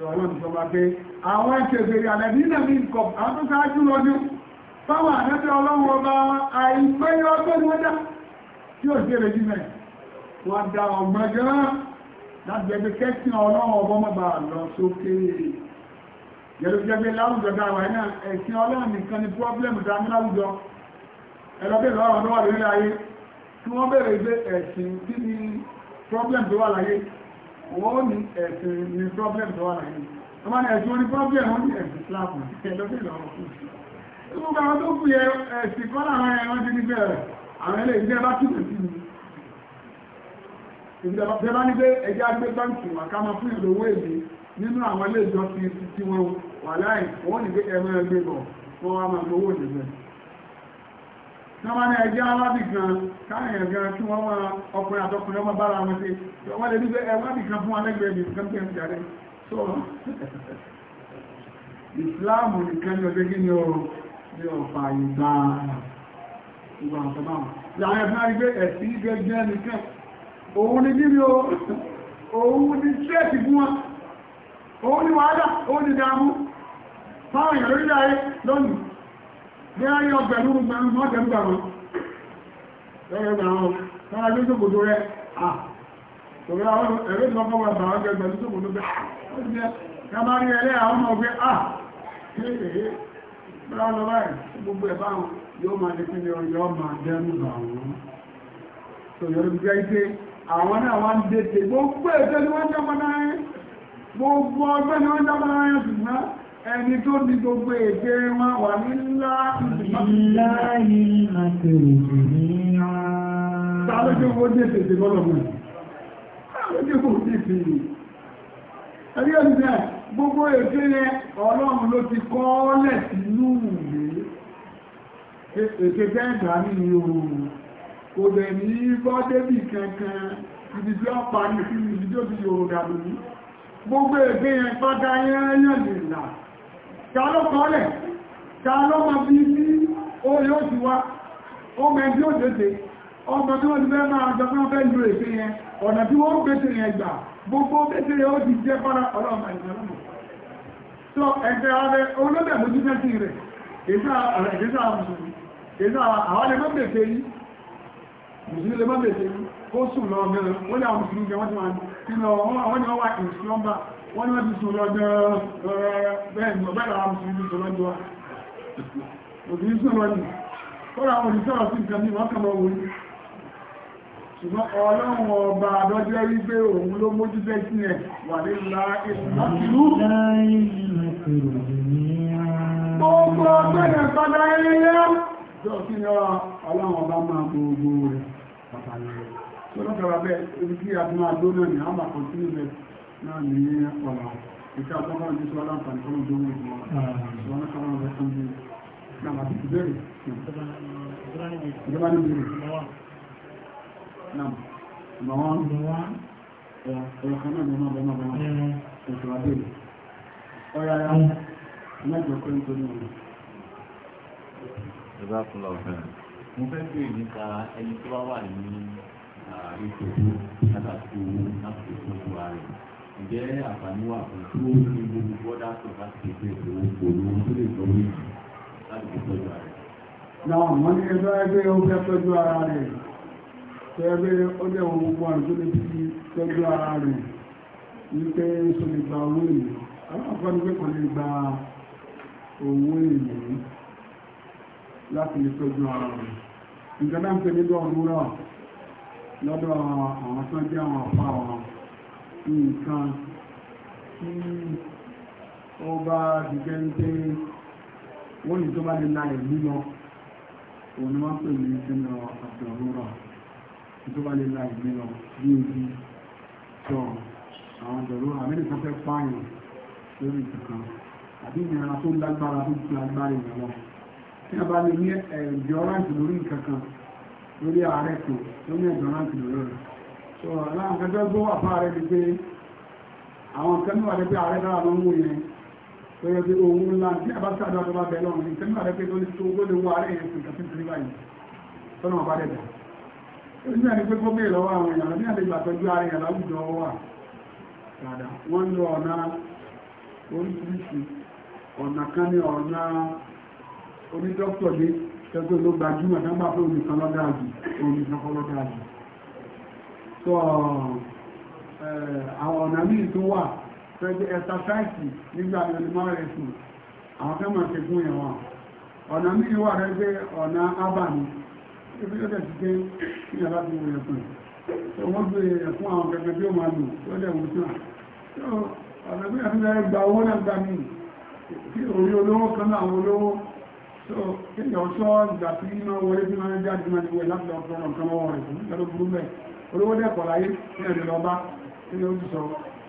ọlọ́run sọ máa pé àwọn ìṣègbèrè àlẹ́bí náà ní nǹkan àtúnṣáájú lọ́dún fáwọn àdẹ́bẹ́ ọlọ́run ọba àìpé ọgbẹ́ ni wọ́n dá tí ó ṣe rèjì mẹ́ wọ́n dá ọgbọ́n gan láti ẹgbẹ́ kẹ́sìn ọlọ́run ọba mọ́ba lọ sókè yẹlò jẹ́gbẹ́ láwùjọ dáwà iná ẹ̀sìn ọlọ́run nìkan ni pọ́blẹ́mù dá ní láwùjọ ẹlọ́bẹ̀rẹ̀ ọ̀rọ̀ lọ́wọ́ lórí ayé tí wọ́n bẹ̀rẹ̀ ẹ̀sìn kí ni pọ́blẹ́mù tó wà láyé wọ́n ní ẹ̀sìn ni problem tó wà láyé wọ́n máa ẹ̀sìn wọn ni problem wọ́n ní ẹ̀sìn Islam lọ́dẹ̀ lọ́wọ́ fún un gbogbo tó kù yẹ ẹ̀sìn kọ́ làwọn ti ní bẹ̀rẹ̀ àwọn ẹlẹ́ ìgbẹ́ bá ìgbẹ́ bá ní pé wà káwọn ní ẹjẹ́ alábì gan káyẹ̀ gan kí wọ́n wọ́n ọkùnrin àtọkùnrin ọmọ bára wọn ṣe wọ́n lè dúpẹ́ ẹwábì kan fún alẹ́gbẹ̀ẹ́ mi nǹkan pé ń jàre so Islam nìkan ní ọjọ́ kí ni ó ní ọ̀fà ìgbà ìgbà ọ̀tọ̀báwọn láàrin ẹ̀fún àrígbé ẹ̀sìn ìgbẹ́ jẹ́ nìkan òun ni gírí òun ni ṣẹ́ẹ̀tì fún wọn òun ni wàhálà òun ni dààmú fáwọn èèyàn lórílẹ̀ ayé lónìí bí a yọ pẹ̀lú gbẹ̀rún mọ́ tẹ̀lúgbà wọn lọ́rọ̀ gbà wọn tọ́ra lé ṣòkòtò rẹ̀ à tòrí àwọn ẹ̀rẹ́ tó fọ́wọ́ bà wọ́n gẹ̀gbẹ̀ ní ṣòkòtò bẹ́ ó ti jẹ́ ká bá àwọn ọmọ ọgbẹ́ yóò máa lè fi pé àwọn náà wá ń dé gbogbo ẹ̀jẹ̀ ni wọ́n jẹ́ gbogbo ọgbẹ́ ẹni tó ní gbogbo èdè wọn wà nílá ìlàyé àtẹ̀rẹ̀ ìrìnà tààlójú owó dé tètè lọ́lọ́mọ̀ tààlójú owó dé tètè ẹ̀rí ọ̀dẹ́ gbogbo èdè yẹn ọlọ́run ló ti kọ́ lẹ̀ sínú ìwé èké tẹ́ǹtà nínú oòrùn kò dẹ̀ ní bọ́ débì kankan ibi tí ó parí sí ibi tí ti yòrò dàbí gbogbo èdè yẹn pátá yẹn yẹn lè là ta ló kọ́ọ̀lẹ̀ ta ló mọ̀ bí sí orí ó ti wá ọmọ ẹbí ó dédé ọmọ tí wọ́n ti fẹ́ máa jọ fún ọfẹ́ ìlú èsì yẹn ọ̀nà tí wọ́n pèsè yẹn gbà gbogbo pèsè yẹn ó ti jẹ́ fọ́nà ọlọ́mọ ìgbàlọ́mọ so ẹgbẹ́ ọ̀rẹ́ olóbẹ̀ lójú fẹ́sì rẹ̀ èsà mùsùlùmí èsà àwọn lè mọ́ pèsè yìí mùsùlùmí lè mọ́ pèsè yìí kó sùn lọ mẹ́rin wọ́n lè àwọn mùsùlùmí jẹ́ wọ́n ti wà nínú àwọn ni wọ́n wà ìsúlọ́mbà wọ́n lọ́ti sùn lọ́jọ́ eh, bẹ́ẹ̀ni ọ̀bẹ́lá àwọn mùsùlùmí sùn lọ́jọ́ wa òbí sùn lọ́jọ́ kọ́lá àwọn òṣìṣẹ́ sí nǹkan ní wọ́n kàmọ̀ wò ní ṣùgbọ́n ọlọ́run ọba àdọ́jọ́ rí pé òun ló mójú tẹ́ sí ẹ̀ wà ní ìlà ìsìnkú gbogbo ọgbẹ́nà padà ẹlẹ́yẹ́ tó kí ni ọlọ́run ọba máa gbogbo rẹ̀ pàtàkì rẹ̀ tó lọ́kàrà bẹ́ẹ̀ ibi tí a ti máa gbóná ní àwọn àkọsílẹ̀ bẹ́ẹ̀ náà ní ọ̀nà ìkẹ́ àpọ́nà ní sọ́lá àǹfààní fọ́nà tó wù ú wọn náà kọ́nà ah. rẹ̀ fún mi náà àti ìbéèrè ìjọba ní ìbéèrè náà bàwọn ọ̀rọ̀ kan náà bọ́nà bọ́nà bọ́nà ètò àbẹ̀rẹ̀ ọ̀rọ̀ ara mẹ́jọ pé ń torí ọ̀nà. ìjọba kún lọ fẹ́ mo fẹ́ bèèrè nípa ẹni tó bá wà ní ipò tó látàkùn owó láti fi fún ara rẹ̀ ǹjẹ́ àǹfààní wà fún tó ní gbogbo bọ́dá tó bá ti ṣe ìṣòro òru tó lè sọ wí láti fi tọ́jú ara rẹ̀. náà wọ́n ní ẹjọ́ ẹgbẹ́ ó fẹ́ tọ́jú ara rẹ̀ tó ó jẹ́ ohun gbogbo àrùn tó lè fi tọ́jú ara rẹ̀ wípé sọ lè gba owó èlò alákọ̀ọ́ ni pé kò lè gba owó èlò láti lè tọ́jú ara rẹ̀ nǹkan ń pè nígbà òwúrọ̀ lọ́dọ̀ àwọn tó jẹ́ àwọn àpá wọn nǹkan tí ó bá dìjẹ́ ń pé wọ́n ní tó bá lè láì lílọ òun ni wọ́n pè ní sínú àtọ̀rọ̀ tó bá lè láì lílọ bí ojú sọ àwọn ìjọ̀rọ̀ amẹ́ríkà fẹ́ pààyàn lórí ìtàkan àbí ìrìnà tó lágbára tó ti agbára ìrìn lọ tí a bá lè ní ẹ̀jọ́ eh, ráǹtì lórí ìkankan lórí ààrẹ kan lórí ẹ̀jọ́ ráǹtì lórí rẹ̀ so láwọn kan tó gbówà fún ààrẹ ti pé àwọn kan níwà pé ààrẹ dára ló ń mú yẹn tó yẹ pé ohun ńlá tí a bá sàdọ́ àtọ́bá bẹ̀ lọ́wọ́ ní kan níwà pé tó ní tó gbólé wọ ààrẹ yẹn fún ìtàkùn ìtàkùn báyìí tọ́nà ọba dẹ̀dà ó ní àti pé kó bèèrè lọ́wọ́ àwọn èèyàn ní àlejò àtọ́jú ààrẹ yẹn láwùjọ wà dáadáa so àwọn ọ̀nà míì tó wà pẹ̀lú ẹ̀sàfáìsì nígbà ìrìnmọ́ rẹ̀ sùn àwọn fẹ́mọ̀ ṣe fún ẹ̀wọ̀n ọ̀nà míì wà rẹ̀ pé ọ̀nà abàní ibi tó tẹ̀sí pé ní ẹ̀bá ti wòye fún ẹ̀ wọ́n gbé ẹ̀ fún àwọn kẹ̀kẹ́ tí ó máa lò tó dẹ̀ wò sí ọ̀nà bí ẹ̀fún rẹ̀ gba owó náà gbà mí kí orí olówó kan náà àwọn olówó so kéèyàn sọ ìgbà tí máa wọlé olówó dẹ̀pọ̀ láyé ní ẹ̀rẹ̀ lọ́bá tí ó ti sọ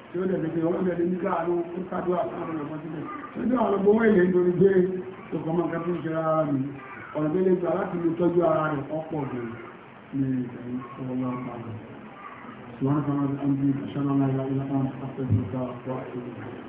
tí ó dẹ̀bẹ̀ tí wọ́n dẹ̀bẹ̀ ní káàánú ó kádùá fún ọmọ sílẹ̀ tí ó dẹ̀ àwọn gbogbo èlé nítorí gbé ọkọ̀ máa kẹ́kọ̀ọ́ ń ṣẹra rẹ̀ ọ̀nà tó lè gbà láti mú tọ́jú ara rẹ̀ ọ̀pọ̀ gẹ̀rẹ̀ ní ìgbẹ̀yìn ọlọ́wọ́ pàdé ṣùgbọ́n kan